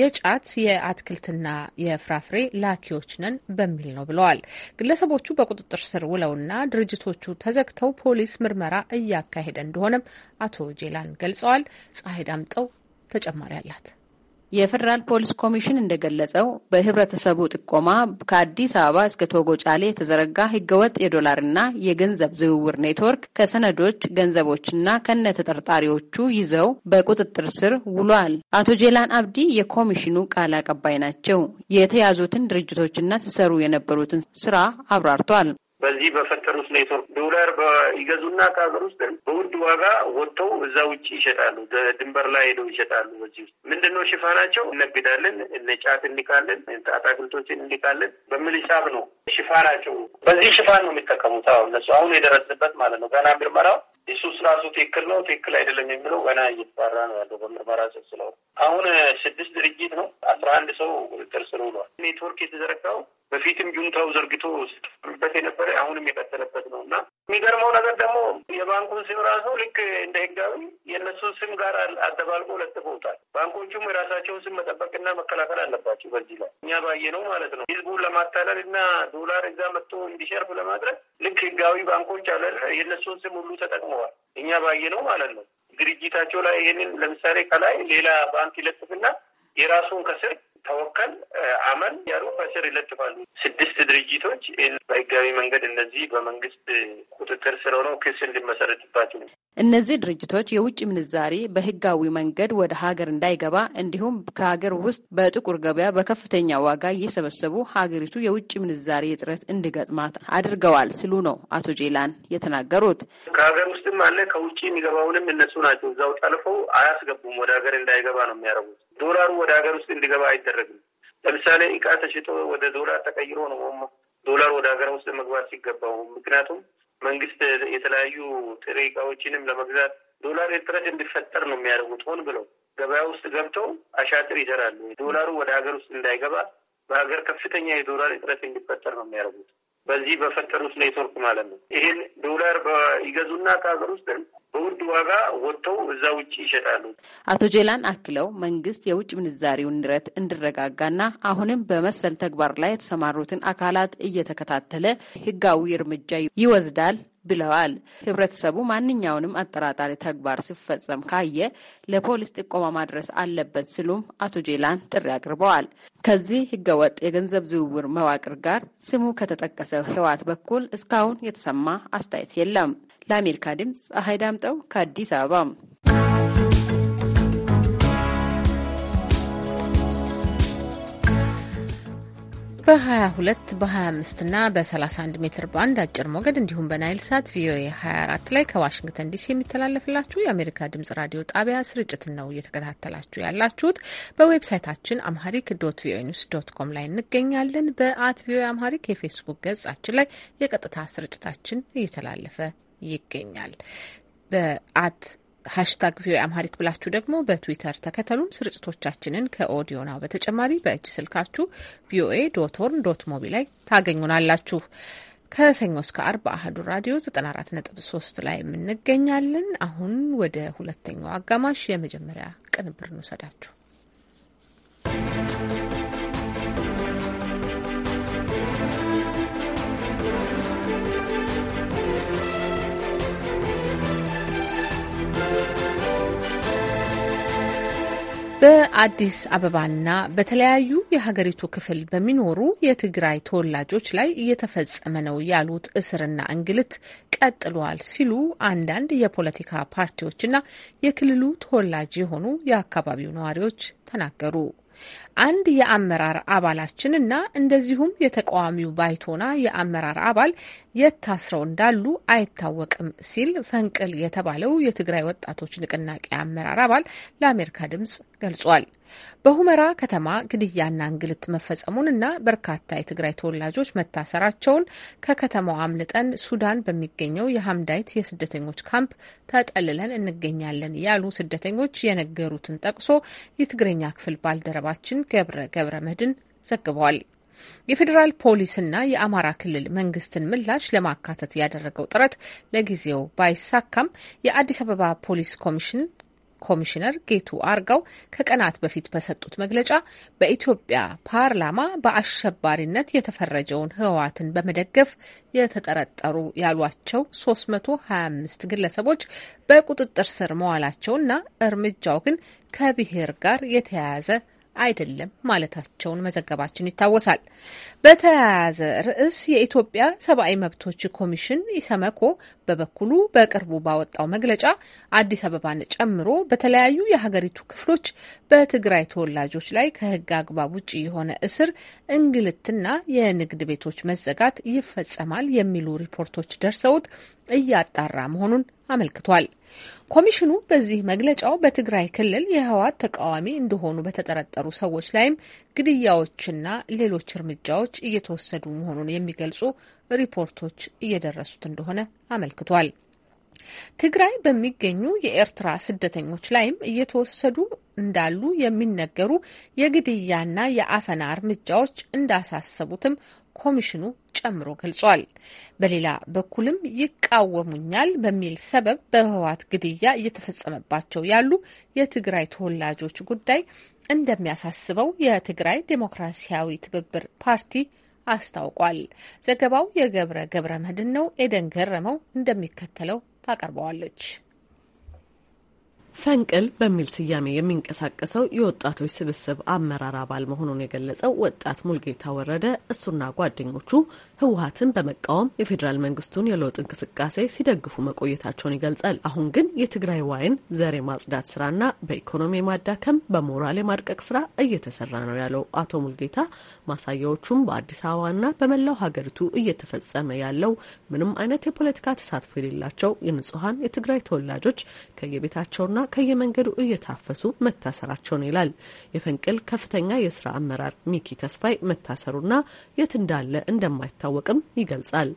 የጫት የአትክልትና የፍራፍሬ ላኪዎች ነን በሚል ነው ብለዋል። ግለሰቦቹ በቁጥጥር ስር ውለውና ድርጅቶቹ ተዘግተው ፖሊስ ምርመራ እያካሄደ እንደሆነም አቶ ጄላን ገልጸዋል። ፀሐይ ዳምጠው ተጨማሪ አላት። የፌዴራል ፖሊስ ኮሚሽን እንደገለጸው በህብረተሰቡ ጥቆማ ከአዲስ አበባ እስከ ቶጎ ጫሌ የተዘረጋ ህገወጥ የዶላርና የገንዘብ ዝውውር ኔትወርክ ከሰነዶች ገንዘቦችና ከነ ተጠርጣሪዎቹ ይዘው በቁጥጥር ስር ውሏል። አቶ ጄላን አብዲ የኮሚሽኑ ቃል አቀባይ ናቸው። የተያዙትን ድርጅቶችና ሲሰሩ የነበሩትን ስራ አብራርቷል። በዚህ በፈጠሩት ኔትወርክ ዶላር ይገዙና ከሀገር ውስጥ በውድ ዋጋ ወጥተው እዛ ውጭ ይሸጣሉ። ድንበር ላይ ሄደው ይሸጣሉ። በዚህ ውስጥ ምንድን ነው ሽፋናቸው? እነግዳለን፣ እነ ጫት እንዲቃለን አትክልቶችን እንዲቃለን በሚል ሂሳብ ነው ሽፋናቸው። በዚህ ሽፋን ነው የሚጠቀሙት። አሁን እነሱ አሁን የደረስንበት ማለት ነው። ገና ምርመራው የሱስ ራሱ ትክክል ነው ትክክል አይደለም የሚለው ገና እየተባራ ነው ያለው በምርመራ ስር ስለሆነ አሁን ስድስት ድርጅት ነው አስራ አንድ ሰው ቁጥጥር ስር ውሏል። ኔትወርክ የተዘረጋው በፊትም ጁንታው ዘርግቶ ስትበት የነበረ አሁንም የቀጠለበት ነው እና የሚገርመው ነገር ደግሞ የባንኩን ስም ራሱ ልክ እንደ ህጋዊ የእነሱ ስም ጋር አደባልቆ ለጥፈውታል። ባንኮቹም የራሳቸውን ስም መጠበቅና መከላከል አለባቸው። በዚህ ላይ እኛ ባየ ነው ማለት ነው ህዝቡን ለማታለል እና ዶላር እዛ መጥቶ እንዲሸርፍ ለማድረግ ልክ ህጋዊ ባንኮች አለ የእነሱን ስም ሁሉ ተጠቅመዋል። እኛ ባየ ነው ማለት ነው ድርጅታቸው ላይ ይህንን ለምሳሌ ከላይ ሌላ ባንክ ይለጥፍና የራሱን ከስር ተወከል አመል ያሉ ከስር ይለጥፋሉ። ስድስት ድርጅቶች በህጋዊ መንገድ እነዚህ በመንግስት ቁጥጥር ስር ሆነው ክስ እንዲመሰረትባቸው እነዚህ ድርጅቶች የውጭ ምንዛሪ በህጋዊ መንገድ ወደ ሀገር እንዳይገባ እንዲሁም ከሀገር ውስጥ በጥቁር ገበያ በከፍተኛ ዋጋ እየሰበሰቡ ሀገሪቱ የውጭ ምንዛሪ እጥረት እንዲገጥማት አድርገዋል ሲሉ ነው አቶ ጄላን የተናገሩት። ከሀገር ውስጥም አለ ከውጭ የሚገባውንም እነሱ ናቸው እዛው ጠልፈው አያስገቡም። ወደ ሀገር እንዳይገባ ነው የሚያደርጉት። ዶላሩ ወደ ሀገር ውስጥ እንዲገባ አይደረግም። ለምሳሌ እቃ ተሽጦ ወደ ዶላር ተቀይሮ ነው ዶላር ወደ ሀገር ውስጥ መግባት ሲገባው። ምክንያቱም መንግስት የተለያዩ ጥሬ እቃዎችንም ለመግዛት ዶላር እጥረት እንዲፈጠር ነው የሚያደርጉት። ሆን ብለው ገበያ ውስጥ ገብተው አሻጥር ይዘራሉ። ዶላሩ ወደ ሀገር ውስጥ እንዳይገባ በሀገር ከፍተኛ የዶላር እጥረት እንዲፈጠር ነው የሚያደርጉት። በዚህ በፈጠሩት ኔትወርክ ማለት ነው። ይሄን ዶላር ይገዙና ከሀገር ውስጥ በውድ ዋጋ ወጥተው እዛ ውጭ ይሸጣሉ። አቶ ጄላን አክለው መንግስት የውጭ ምንዛሪውን ንረት እንዲረጋጋና አሁንም በመሰል ተግባር ላይ የተሰማሩትን አካላት እየተከታተለ ህጋዊ እርምጃ ይወስዳል ብለዋል። ህብረተሰቡ ማንኛውንም አጠራጣሪ ተግባር ሲፈጸም ካየ ለፖሊስ ጥቆማ ማድረስ አለበት ሲሉም አቶ ጄላን ጥሪ አቅርበዋል። ከዚህ ህገወጥ የገንዘብ ዝውውር መዋቅር ጋር ስሙ ከተጠቀሰው ህወሓት በኩል እስካሁን የተሰማ አስተያየት የለም። ለአሜሪካ ድምፅ ፀሐይ ዳምጠው ከአዲስ አበባ በ22 በ25 እና በ31 ሜትር ባንድ አጭር ሞገድ እንዲሁም በናይል ሳት ቪኦኤ 24 ላይ ከዋሽንግተን ዲሲ የሚተላለፍላችሁ የአሜሪካ ድምጽ ራዲዮ ጣቢያ ስርጭትን ነው እየተከታተላችሁ ያላችሁት። በዌብሳይታችን አምሃሪክ ዶት ቪኦኤ ኒውስ ዶት ኮም ላይ እንገኛለን። በአት ቪኦኤ አምሃሪክ የፌስቡክ ገጻችን ላይ የቀጥታ ስርጭታችን እየተላለፈ ይገኛል። በአት ሀሽታግ ቪኦኤ አምሃሪክ ብላችሁ ደግሞ በትዊተር ተከተሉን። ስርጭቶቻችንን ከኦዲዮ ናው በተጨማሪ በእጅ ስልካችሁ ቪኦኤ ዶት ሆርን ዶት ሞቢ ላይ ታገኙናላችሁ። ከሰኞ እስከ አርብ አህዱ ራዲዮ 94.3 ላይ የምንገኛለን። አሁን ወደ ሁለተኛው አጋማሽ የመጀመሪያ ቅንብር እንውሰዳችሁ። በአዲስ አበባና በተለያዩ የሀገሪቱ ክፍል በሚኖሩ የትግራይ ተወላጆች ላይ እየተፈጸመ ነው ያሉት እስርና እንግልት ቀጥሏል ሲሉ አንዳንድ የፖለቲካ ፓርቲዎችና የክልሉ ተወላጅ የሆኑ የአካባቢው ነዋሪዎች ተናገሩ። አንድ የአመራር አባላችንና እንደዚሁም የተቃዋሚው ባይቶና የአመራር አባል የት ታስረው እንዳሉ አይታወቅም ሲል ፈንቅል የተባለው የትግራይ ወጣቶች ንቅናቄ አመራር አባል ለአሜሪካ ድምጽ ገልጿል። በሁመራ ከተማ ግድያና እንግልት መፈጸሙንና በርካታ የትግራይ ተወላጆች መታሰራቸውን ከከተማው አምልጠን ሱዳን በሚገኘው የሀምዳይት የስደተኞች ካምፕ ተጠልለን እንገኛለን ያሉ ስደተኞች የነገሩትን ጠቅሶ የትግረኛ ክፍል ባልደረባችን ገብረ ገብረ መድን ዘግቧል። የፌዴራል ፖሊስና የአማራ ክልል መንግስትን ምላሽ ለማካተት ያደረገው ጥረት ለጊዜው ባይሳካም የአዲስ አበባ ፖሊስ ኮሚሽን ኮሚሽነር ጌቱ አርጋው ከቀናት በፊት በሰጡት መግለጫ በኢትዮጵያ ፓርላማ በአሸባሪነት የተፈረጀውን ህወሓትን በመደገፍ የተጠረጠሩ ያሏቸው 325 ግለሰቦች በቁጥጥር ስር መዋላቸውና እርምጃው ግን ከብሔር ጋር የተያያዘ አይደለም ማለታቸውን መዘገባችን ይታወሳል። በተያያዘ ርዕስ የኢትዮጵያ ሰብአዊ መብቶች ኮሚሽን ኢሰመኮ በበኩሉ በቅርቡ ባወጣው መግለጫ አዲስ አበባን ጨምሮ በተለያዩ የሀገሪቱ ክፍሎች በትግራይ ተወላጆች ላይ ከህግ አግባብ ውጭ የሆነ እስር፣ እንግልትና የንግድ ቤቶች መዘጋት ይፈጸማል የሚሉ ሪፖርቶች ደርሰውት እያጣራ መሆኑን አመልክቷል። ኮሚሽኑ በዚህ መግለጫው በትግራይ ክልል የህወሓት ተቃዋሚ እንደሆኑ በተጠረጠሩ ሰዎች ላይም ግድያዎችና ሌሎች እርምጃዎች እየተወሰዱ መሆኑን የሚገልጹ ሪፖርቶች እየደረሱት እንደሆነ አመልክቷል። ትግራይ በሚገኙ የኤርትራ ስደተኞች ላይም እየተወሰዱ እንዳሉ የሚነገሩ የግድያና የአፈና እርምጃዎች እንዳሳሰቡትም ኮሚሽኑ ጨምሮ ገልጿል። በሌላ በኩልም ይቃወሙኛል በሚል ሰበብ በህወሓት ግድያ እየተፈጸመባቸው ያሉ የትግራይ ተወላጆች ጉዳይ እንደሚያሳስበው የትግራይ ዴሞክራሲያዊ ትብብር ፓርቲ አስታውቋል። ዘገባው የገብረ ገብረ መድን ነው። ኤደን ገረመው እንደሚከተለው ታቀርበዋለች። ፈንቅል በሚል ስያሜ የሚንቀሳቀሰው የወጣቶች ስብስብ አመራር አባል መሆኑን የገለጸው ወጣት ሙልጌታ ወረደ እሱና ጓደኞቹ ህወሀትን በመቃወም የፌዴራል መንግስቱን የለውጥ እንቅስቃሴ ሲደግፉ መቆየታቸውን ይገልጻል። አሁን ግን የትግራይ ዋይን ዘር የማጽዳት ስራና በኢኮኖሚ የማዳከም በሞራል የማድቀቅ ስራ እየተሰራ ነው ያለው አቶ ሙልጌታ ማሳያዎቹም በአዲስ አበባና በመላው ሀገሪቱ እየተፈጸመ ያለው ምንም አይነት የፖለቲካ ተሳትፎ የሌላቸው የንጹሀን የትግራይ ተወላጆች ከየቤታቸውና ከየመንገዱ እየታፈሱ መታሰራቸው ነው ይላል። የፈንቅል ከፍተኛ የስራ አመራር ሚኪ ተስፋይ መታሰሩና የት እንዳለ እንደማይታወቅም ይገልጻል።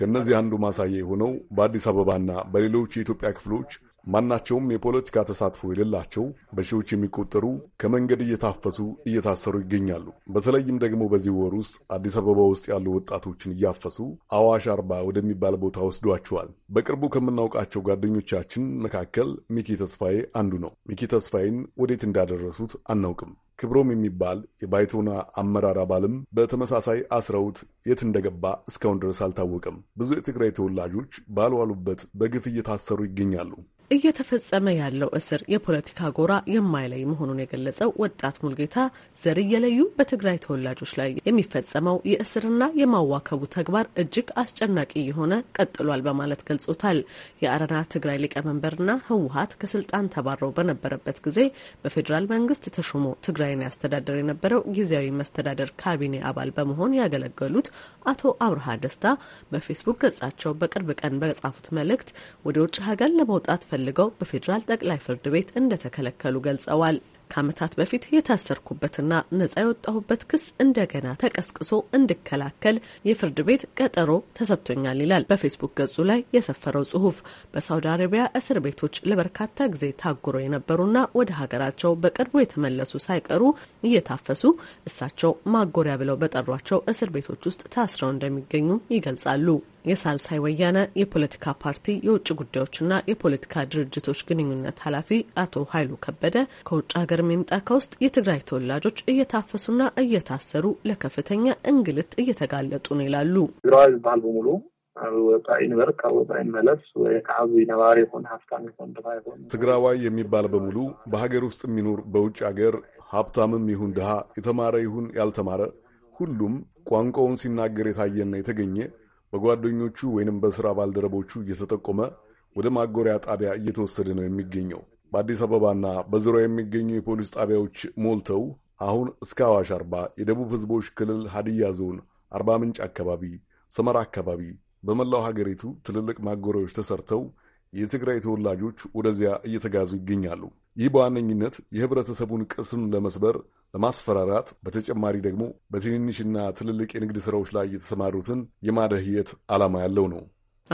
ከእነዚህ አንዱ ማሳያ የሆነው በአዲስ አበባና በሌሎች የኢትዮጵያ ክፍሎች ማናቸውም የፖለቲካ ተሳትፎ የሌላቸው በሺዎች የሚቆጠሩ ከመንገድ እየታፈሱ እየታሰሩ ይገኛሉ። በተለይም ደግሞ በዚህ ወር ውስጥ አዲስ አበባ ውስጥ ያሉ ወጣቶችን እያፈሱ አዋሽ አርባ ወደሚባል ቦታ ወስዷቸዋል። በቅርቡ ከምናውቃቸው ጓደኞቻችን መካከል ሚኪ ተስፋዬ አንዱ ነው። ሚኪ ተስፋዬን ወዴት እንዳደረሱት አናውቅም። ክብሮም የሚባል የባይቶና አመራር አባልም በተመሳሳይ አስረውት የት እንደገባ እስካሁን ድረስ አልታወቀም። ብዙ የትግራይ ተወላጆች ባልዋሉበት በግፍ እየታሰሩ ይገኛሉ። እየተፈጸመ ያለው እስር የፖለቲካ ጎራ የማይለይ መሆኑን የገለጸው ወጣት ሙልጌታ ዘር እየለዩ በትግራይ ተወላጆች ላይ የሚፈጸመው የእስርና የማዋከቡ ተግባር እጅግ አስጨናቂ የሆነ ቀጥሏል በማለት ገልጾታል። የአረና ትግራይ ሊቀመንበርና ህወሀት ከስልጣን ተባረው በነበረበት ጊዜ በፌዴራል መንግስት ተሾሞ ትግራይን ያስተዳደር የነበረው ጊዜያዊ መስተዳደር ካቢኔ አባል በመሆን ያገለገሉት አቶ አብርሃ ደስታ በፌስቡክ ገጻቸው በቅርብ ቀን በጻፉት መልእክት ወደ ውጭ ሀገር ለመውጣት ፈልገው በፌዴራል ጠቅላይ ፍርድ ቤት እንደተከለከሉ ገልጸዋል። ከዓመታት በፊት የታሰርኩበትና ነጻ የወጣሁበት ክስ እንደገና ተቀስቅሶ እንድከላከል የፍርድ ቤት ቀጠሮ ተሰጥቶኛል ይላል በፌስቡክ ገጹ ላይ የሰፈረው ጽሁፍ። በሳውዲ አረቢያ እስር ቤቶች ለበርካታ ጊዜ ታጉረው የነበሩና ወደ ሀገራቸው በቅርቡ የተመለሱ ሳይቀሩ እየታፈሱ እሳቸው ማጎሪያ ብለው በጠሯቸው እስር ቤቶች ውስጥ ታስረው እንደሚገኙም ይገልጻሉ። የሳልሳይ ወያነ የፖለቲካ ፓርቲ የውጭ ጉዳዮችና የፖለቲካ ድርጅቶች ግንኙነት ኃላፊ አቶ ኃይሉ ከበደ ከውጭ ሀገር የሚምጣ ከውስጥ የትግራይ ተወላጆች እየታፈሱና እየታሰሩ ለከፍተኛ እንግልት እየተጋለጡ ነው ይላሉ። ትግራዋይ ዝበሃል በሙሉ ኣብ ወፃኢ ንበር ካብ ወፃኢ ወይ ነባሪ ይኹን ሃፍታም ይኹን ይኹን ትግራዋይ የሚባል በሙሉ በሀገር ውስጥ የሚኖር በውጭ ሀገር ሀብታምም ይሁን ድሃ፣ የተማረ ይሁን ያልተማረ ሁሉም ቋንቋውን ሲናገር የታየና የተገኘ በጓደኞቹ ወይንም በሥራ ባልደረቦቹ እየተጠቆመ ወደ ማጎሪያ ጣቢያ እየተወሰደ ነው የሚገኘው። በአዲስ አበባና በዙሪያው የሚገኙ የፖሊስ ጣቢያዎች ሞልተው አሁን እስከ አዋሽ አርባ፣ የደቡብ ሕዝቦች ክልል ሀዲያ ዞን፣ አርባ ምንጭ አካባቢ፣ ሰመራ አካባቢ በመላው ሀገሪቱ ትልልቅ ማጎሪያዎች ተሰርተው የትግራይ ተወላጆች ወደዚያ እየተጋዙ ይገኛሉ። ይህ በዋነኝነት የህብረተሰቡን ቅስም ለመስበር ለማስፈራራት፣ በተጨማሪ ደግሞ በትንንሽና ትልልቅ የንግድ ሥራዎች ላይ የተሰማሩትን የማደህየት ዓላማ ያለው ነው።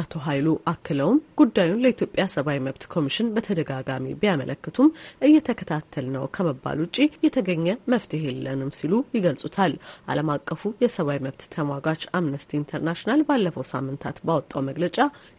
አቶ ኃይሉ አክለውም ጉዳዩን ለኢትዮጵያ ሰብአዊ መብት ኮሚሽን በተደጋጋሚ ቢያመለክቱም እየተከታተል ነው ከመባል ውጭ የተገኘ መፍትሄ የለንም ሲሉ ይገልጹታል። ዓለም አቀፉ የሰብአዊ መብት ተሟጋች አምነስቲ ኢንተርናሽናል ባለፈው ሳምንታት ባወጣው መግለጫ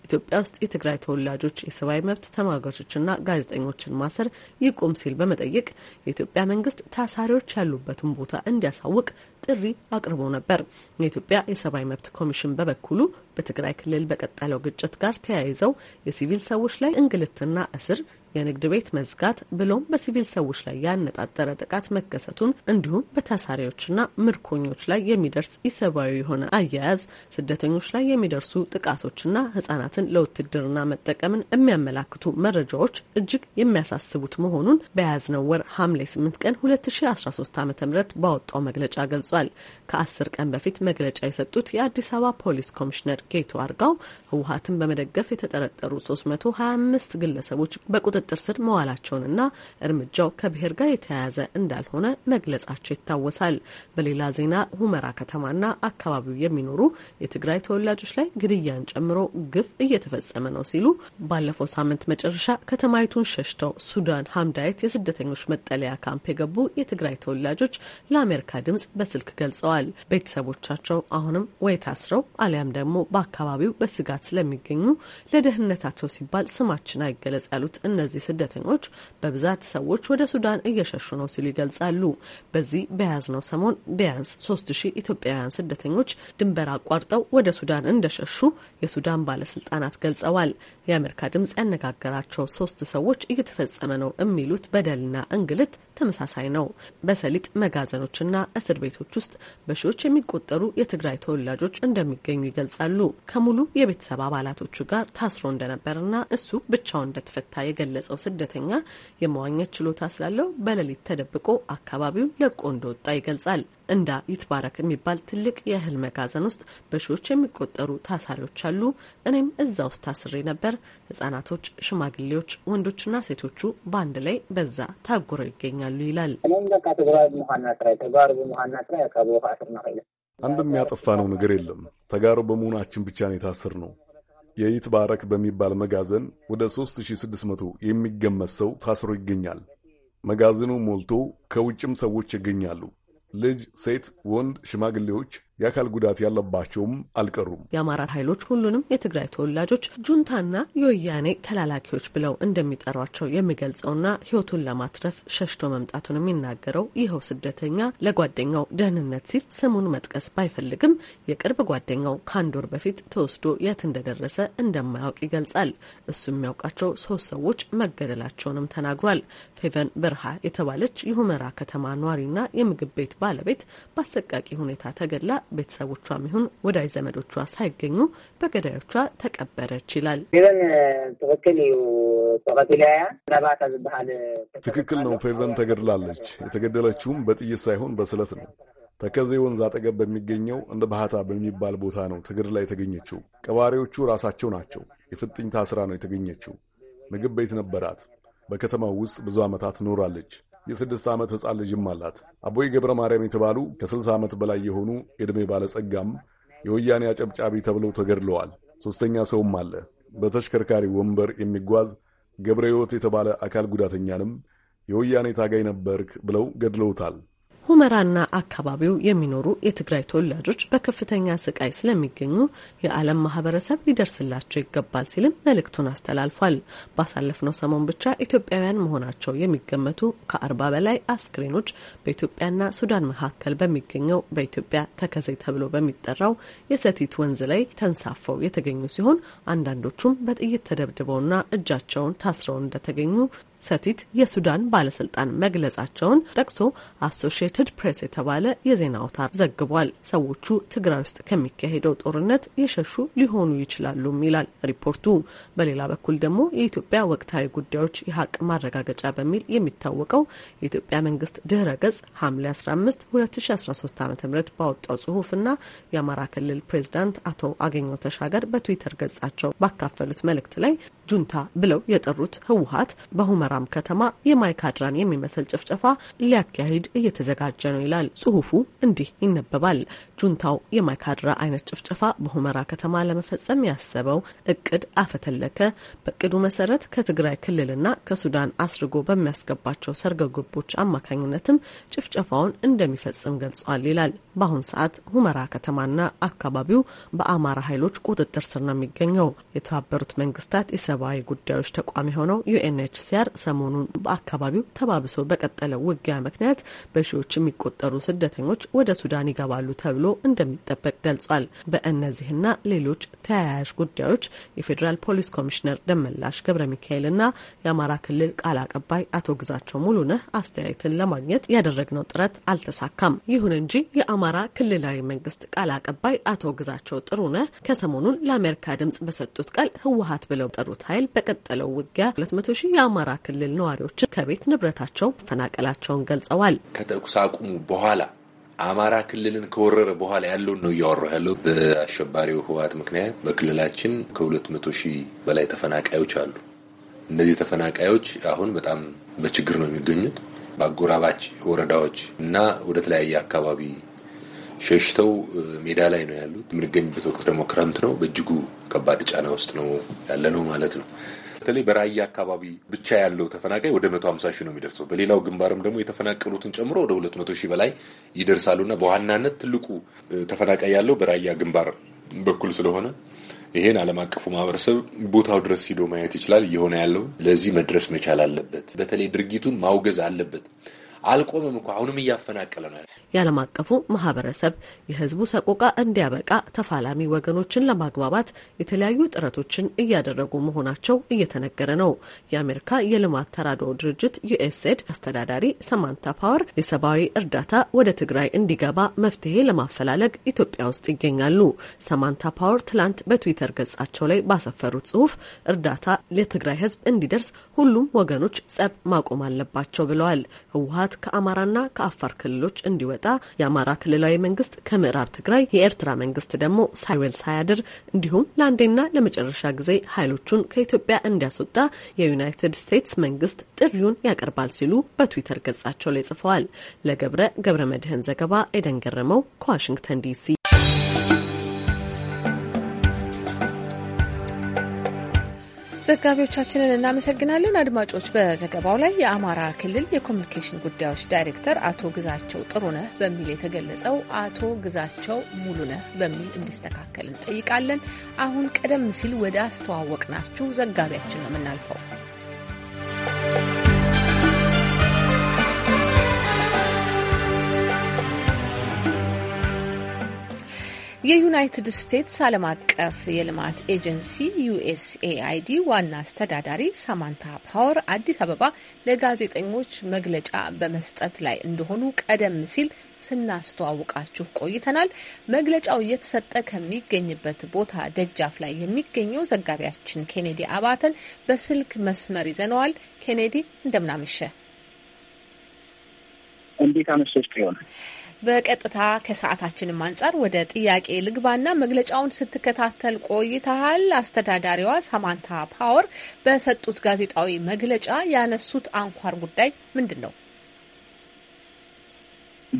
ኢትዮጵያ ውስጥ የትግራይ ተወላጆች የሰብአዊ መብት ተሟጋቾችና ጋዜጠኞችን ማሰር ይቁም ሲል በመጠየቅ የኢትዮጵያ መንግስት ታሳሪዎች ያሉበትን ቦታ እንዲያሳውቅ ጥሪ አቅርቦ ነበር። የኢትዮጵያ የሰብአዊ መብት ኮሚሽን በበኩሉ በትግራይ ክልል በቀጠለው ግጭት ጋር ተያይዘው የሲቪል ሰዎች ላይ እንግልትና እስር የንግድ ቤት መዝጋት ብሎም በሲቪል ሰዎች ላይ ያነጣጠረ ጥቃት መከሰቱን እንዲሁም በታሳሪዎችና ምርኮኞች ላይ የሚደርስ ኢሰብአዊ የሆነ አያያዝ፣ ስደተኞች ላይ የሚደርሱ ጥቃቶችና ህጻናትን ለውትድርና መጠቀምን የሚያመላክቱ መረጃዎች እጅግ የሚያሳስቡት መሆኑን በያዝነው ወር ሐምሌ 8 ቀን 2013 ዓ ም ባወጣው መግለጫ ገልጿል። ከአስር ቀን በፊት መግለጫ የሰጡት የአዲስ አበባ ፖሊስ ኮሚሽነር ጌቱ አርጋው ህወሀትን በመደገፍ የተጠረጠሩ 325 ግለሰቦች በቁጥ በቁጥጥር ስር መዋላቸውንና እርምጃው ከብሔር ጋር የተያያዘ እንዳልሆነ መግለጻቸው ይታወሳል። በሌላ ዜና ሁመራ ከተማና አካባቢው የሚኖሩ የትግራይ ተወላጆች ላይ ግድያን ጨምሮ ግፍ እየተፈጸመ ነው ሲሉ ባለፈው ሳምንት መጨረሻ ከተማይቱን ሸሽተው ሱዳን ሀምዳየት የስደተኞች መጠለያ ካምፕ የገቡ የትግራይ ተወላጆች ለአሜሪካ ድምጽ በስልክ ገልጸዋል። ቤተሰቦቻቸው አሁንም ወይ ታስረው አሊያም ደግሞ በአካባቢው በስጋት ስለሚገኙ ለደህንነታቸው ሲባል ስማችን አይገለጽ ያሉት እነዚህ እነዚህ ስደተኞች በብዛት ሰዎች ወደ ሱዳን እየሸሹ ነው ሲሉ ይገልጻሉ። በዚህ በያዝነው ሰሞን ቢያንስ ሶስት ሺህ ኢትዮጵያውያን ስደተኞች ድንበር አቋርጠው ወደ ሱዳን እንደሸሹ የሱዳን ባለስልጣናት ገልጸዋል። የአሜሪካ ድምጽ ያነጋገራቸው ሶስት ሰዎች እየተፈጸመ ነው የሚሉት በደልና እንግልት ተመሳሳይ ነው። በሰሊጥ መጋዘኖችና እስር ቤቶች ውስጥ በሺዎች የሚቆጠሩ የትግራይ ተወላጆች እንደሚገኙ ይገልጻሉ። ከሙሉ የቤተሰብ አባላቶቹ ጋር ታስሮ እንደነበርና እሱ ብቻውን እንደተፈታ የገለጸ የገለጸው ስደተኛ የመዋኘት ችሎታ ስላለው በሌሊት ተደብቆ አካባቢውን ለቆ እንደወጣ ይገልጻል። እንዳ ይትባረክ የሚባል ትልቅ የእህል መጋዘን ውስጥ በሺዎች የሚቆጠሩ ታሳሪዎች አሉ። እኔም እዛ ውስጥ ታስሬ ነበር። ህጻናቶች፣ ሽማግሌዎች፣ ወንዶችና ሴቶቹ በአንድ ላይ በዛ ታጉረው ይገኛሉ ይላል። የሚያጠፋ ነው ነገር የለም። ተጋሩ በመሆናችን ብቻ ነው የታሰር ነው። የይትባረክ በሚባል መጋዘን ወደ 3600 የሚገመት ሰው ታስሮ ይገኛል። መጋዘኑ ሞልቶ ከውጭም ሰዎች ይገኛሉ። ልጅ፣ ሴት፣ ወንድ፣ ሽማግሌዎች የአካል ጉዳት ያለባቸውም አልቀሩም። የአማራ ኃይሎች ሁሉንም የትግራይ ተወላጆች ጁንታና የወያኔ ተላላኪዎች ብለው እንደሚጠሯቸው የሚገልጸውና ሕይወቱን ለማትረፍ ሸሽቶ መምጣቱን የሚናገረው ይኸው ስደተኛ ለጓደኛው ደህንነት ሲል ስሙን መጥቀስ ባይፈልግም የቅርብ ጓደኛው ከአንድ ወር በፊት ተወስዶ የት እንደደረሰ እንደማያውቅ ይገልጻል። እሱ የሚያውቃቸው ሶስት ሰዎች መገደላቸውንም ተናግሯል። ፌቨን በርሃ የተባለች የሁመራ ከተማ ኗሪና የምግብ ቤት ባለቤት በአሰቃቂ ሁኔታ ተገድላ ቤተሰቦቿ ይሁን ወዳጅ ዘመዶቿ ሳይገኙ በገዳዮቿ ተቀበረች ይላል። ትክክል ነው። ፌቨን ተገድላለች። የተገደለችውም በጥይት ሳይሆን በስለት ነው። ተከዜ ወንዝ አጠገብ በሚገኘው እንደ ባህታ በሚባል ቦታ ነው ተገድላ የተገኘችው። ቀባሪዎቹ ራሳቸው ናቸው። የፍጥኝ ታስራ ነው የተገኘችው። ምግብ ቤት ነበራት። በከተማው ውስጥ ብዙ ዓመታት ኖራለች። የስድስት ዓመት ሕፃን ልጅም አላት። አቦይ ገብረ ማርያም የተባሉ ከ60 ዓመት በላይ የሆኑ ዕድሜ ባለጸጋም የወያኔ አጨብጫቢ ተብለው ተገድለዋል። ሦስተኛ ሰውም አለ። በተሽከርካሪ ወንበር የሚጓዝ ገብረ ሕይወት የተባለ አካል ጉዳተኛንም የወያኔ ታጋይ ነበርክ ብለው ገድለውታል። ሁመራና አካባቢው የሚኖሩ የትግራይ ተወላጆች በከፍተኛ ስቃይ ስለሚገኙ የዓለም ማህበረሰብ ሊደርስላቸው ይገባል ሲልም መልእክቱን አስተላልፏል። ባሳለፍነው ሰሞን ብቻ ኢትዮጵያውያን መሆናቸው የሚገመቱ ከአርባ በላይ አስክሬኖች በኢትዮጵያና ሱዳን መካከል በሚገኘው በኢትዮጵያ ተከዜ ተብሎ በሚጠራው የሰቲት ወንዝ ላይ ተንሳፈው የተገኙ ሲሆን አንዳንዶቹም በጥይት ተደብድበውና እጃቸውን ታስረው እንደተገኙ ሰቲት የሱዳን ባለስልጣን መግለጻቸውን ጠቅሶ አሶሺየትድ ፕሬስ የተባለ የዜና አውታር ዘግቧል። ሰዎቹ ትግራይ ውስጥ ከሚካሄደው ጦርነት የሸሹ ሊሆኑ ይችላሉም ይላል ሪፖርቱ። በሌላ በኩል ደግሞ የኢትዮጵያ ወቅታዊ ጉዳዮች የሀቅ ማረጋገጫ በሚል የሚታወቀው የኢትዮጵያ መንግስት ድህረ ገጽ ሐምሌ 15 2013 ዓ ም ባወጣው ጽሁፍና የአማራ ክልል ፕሬዚዳንት አቶ አገኘው ተሻገር በትዊተር ገጻቸው ባካፈሉት መልእክት ላይ ጁንታ ብለው የጠሩት ህወሀት በሁመራ በአራም ከተማ የማይካድራን የሚመስል ጭፍጨፋ ሊያካሂድ እየተዘጋጀ ነው ይላል ጽሁፉ። እንዲህ ይነበባል። ጁንታው የማይካድራ አይነት ጭፍጨፋ በሁመራ ከተማ ለመፈጸም ያሰበው እቅድ አፈተለከ። በእቅዱ መሰረት ከትግራይ ክልልና ከሱዳን አስርጎ በሚያስገባቸው ሰርገ ገቦች አማካኝነትም ጭፍጨፋውን እንደሚፈጽም ገልጿል ይላል። በአሁን ሰዓት ሁመራ ከተማና አካባቢው በአማራ ኃይሎች ቁጥጥር ስር ነው የሚገኘው። የተባበሩት መንግስታት የሰብአዊ ጉዳዮች ተቋም የሆነው ዩኤንኤችሲአር ሰሞኑን በአካባቢው ተባብሶ በቀጠለው ውጊያ ምክንያት በሺዎች የሚቆጠሩ ስደተኞች ወደ ሱዳን ይገባሉ ተብሎ እንደሚጠበቅ ገልጿል። በእነዚህና ሌሎች ተያያዥ ጉዳዮች የፌዴራል ፖሊስ ኮሚሽነር ደመላሽ ገብረ ሚካኤል የአማራ ክልል ቃል አቀባይ አቶ ግዛቸው ሙሉነህ አስተያየትን ለማግኘት ያደረግነው ጥረት አልተሳካም። ይሁን እንጂ የአማራ ክልላዊ መንግስት ቃል አቀባይ አቶ ግዛቸው ጥሩነህ ከሰሞኑን ለአሜሪካ ድምጽ በሰጡት ቃል ህወሀት ብለው ጠሩት ኃይል በቀጠለው ውጊያ 200 ሺህ የአማራ ክልል ክልል ነዋሪዎችን ከቤት ንብረታቸው መፈናቀላቸውን ገልጸዋል። ከተኩስ አቁሙ በኋላ አማራ ክልልን ከወረረ በኋላ ያለውን ነው እያወራ ያለው። በአሸባሪው ህወሓት ምክንያት በክልላችን ከሁለት መቶ ሺህ በላይ ተፈናቃዮች አሉ። እነዚህ ተፈናቃዮች አሁን በጣም በችግር ነው የሚገኙት። በአጎራባች ወረዳዎች እና ወደ ተለያየ አካባቢ ሸሽተው ሜዳ ላይ ነው ያሉት። የምንገኝበት ወቅት ደግሞ ክረምት ነው። በእጅጉ ከባድ ጫና ውስጥ ነው ያለ ነው ማለት ነው። በተለይ በራያ አካባቢ ብቻ ያለው ተፈናቃይ ወደ መቶ ሀምሳ ሺህ ነው የሚደርሰው። በሌላው ግንባርም ደግሞ የተፈናቀሉትን ጨምሮ ወደ ሁለት መቶ ሺህ በላይ ይደርሳሉና በዋናነት ትልቁ ተፈናቃይ ያለው በራያ ግንባር በኩል ስለሆነ ይሄን ዓለም አቀፉ ማህበረሰብ ቦታው ድረስ ሂዶ ማየት ይችላል። እየሆነ ያለው ለዚህ መድረስ መቻል አለበት። በተለይ ድርጊቱን ማውገዝ አለበት። አልቆምም እኳ አሁንም እያፈናቀለ ነው። የዓለም አቀፉ ማህበረሰብ የህዝቡ ሰቆቃ እንዲያበቃ ተፋላሚ ወገኖችን ለማግባባት የተለያዩ ጥረቶችን እያደረጉ መሆናቸው እየተነገረ ነው። የአሜሪካ የልማት ተራድኦ ድርጅት ዩኤስኤድ አስተዳዳሪ ሰማንታ ፓወር የሰብአዊ እርዳታ ወደ ትግራይ እንዲገባ መፍትሄ ለማፈላለግ ኢትዮጵያ ውስጥ ይገኛሉ። ሰማንታ ፓወር ትላንት በትዊተር ገጻቸው ላይ ባሰፈሩት ጽሁፍ እርዳታ ለትግራይ ህዝብ እንዲደርስ ሁሉም ወገኖች ጸብ ማቆም አለባቸው ብለዋል። ህወሀት ህወሓት ከአማራና ከአፋር ክልሎች እንዲወጣ የአማራ ክልላዊ መንግስት ከምዕራብ ትግራይ፣ የኤርትራ መንግስት ደግሞ ሳይውል ሳያድር እንዲሁም ለአንዴና ለመጨረሻ ጊዜ ኃይሎቹን ከኢትዮጵያ እንዲያስወጣ የዩናይትድ ስቴትስ መንግስት ጥሪውን ያቀርባል ሲሉ በትዊተር ገጻቸው ላይ ጽፈዋል። ለገብረ ገብረ መድህን ዘገባ ኤደን ገረመው ከዋሽንግተን ዲሲ ዘጋቢዎቻችንን እናመሰግናለን። አድማጮች፣ በዘገባው ላይ የአማራ ክልል የኮሚኒኬሽን ጉዳዮች ዳይሬክተር አቶ ግዛቸው ጥሩነህ በሚል የተገለጸው አቶ ግዛቸው ሙሉነህ በሚል እንዲስተካከል እንጠይቃለን። አሁን ቀደም ሲል ወደ አስተዋወቅናችሁ ዘጋቢያችን ነው የምናልፈው። የዩናይትድ ስቴትስ ዓለም አቀፍ የልማት ኤጀንሲ ዩኤስኤአይዲ ዋና አስተዳዳሪ ሳማንታ ፓወር አዲስ አበባ ለጋዜጠኞች መግለጫ በመስጠት ላይ እንደሆኑ ቀደም ሲል ስናስተዋውቃችሁ ቆይተናል። መግለጫው እየተሰጠ ከሚገኝበት ቦታ ደጃፍ ላይ የሚገኘው ዘጋቢያችን ኬኔዲ አባተን በስልክ መስመር ይዘነዋል። ኬኔዲ እንደምናመሸ እንዴት አመሸሽ? በቀጥታ ከሰዓታችንም አንጻር ወደ ጥያቄ ልግባና መግለጫውን ስትከታተል ቆይተሃል። አስተዳዳሪዋ ሳማንታ ፓወር በሰጡት ጋዜጣዊ መግለጫ ያነሱት አንኳር ጉዳይ ምንድን ነው?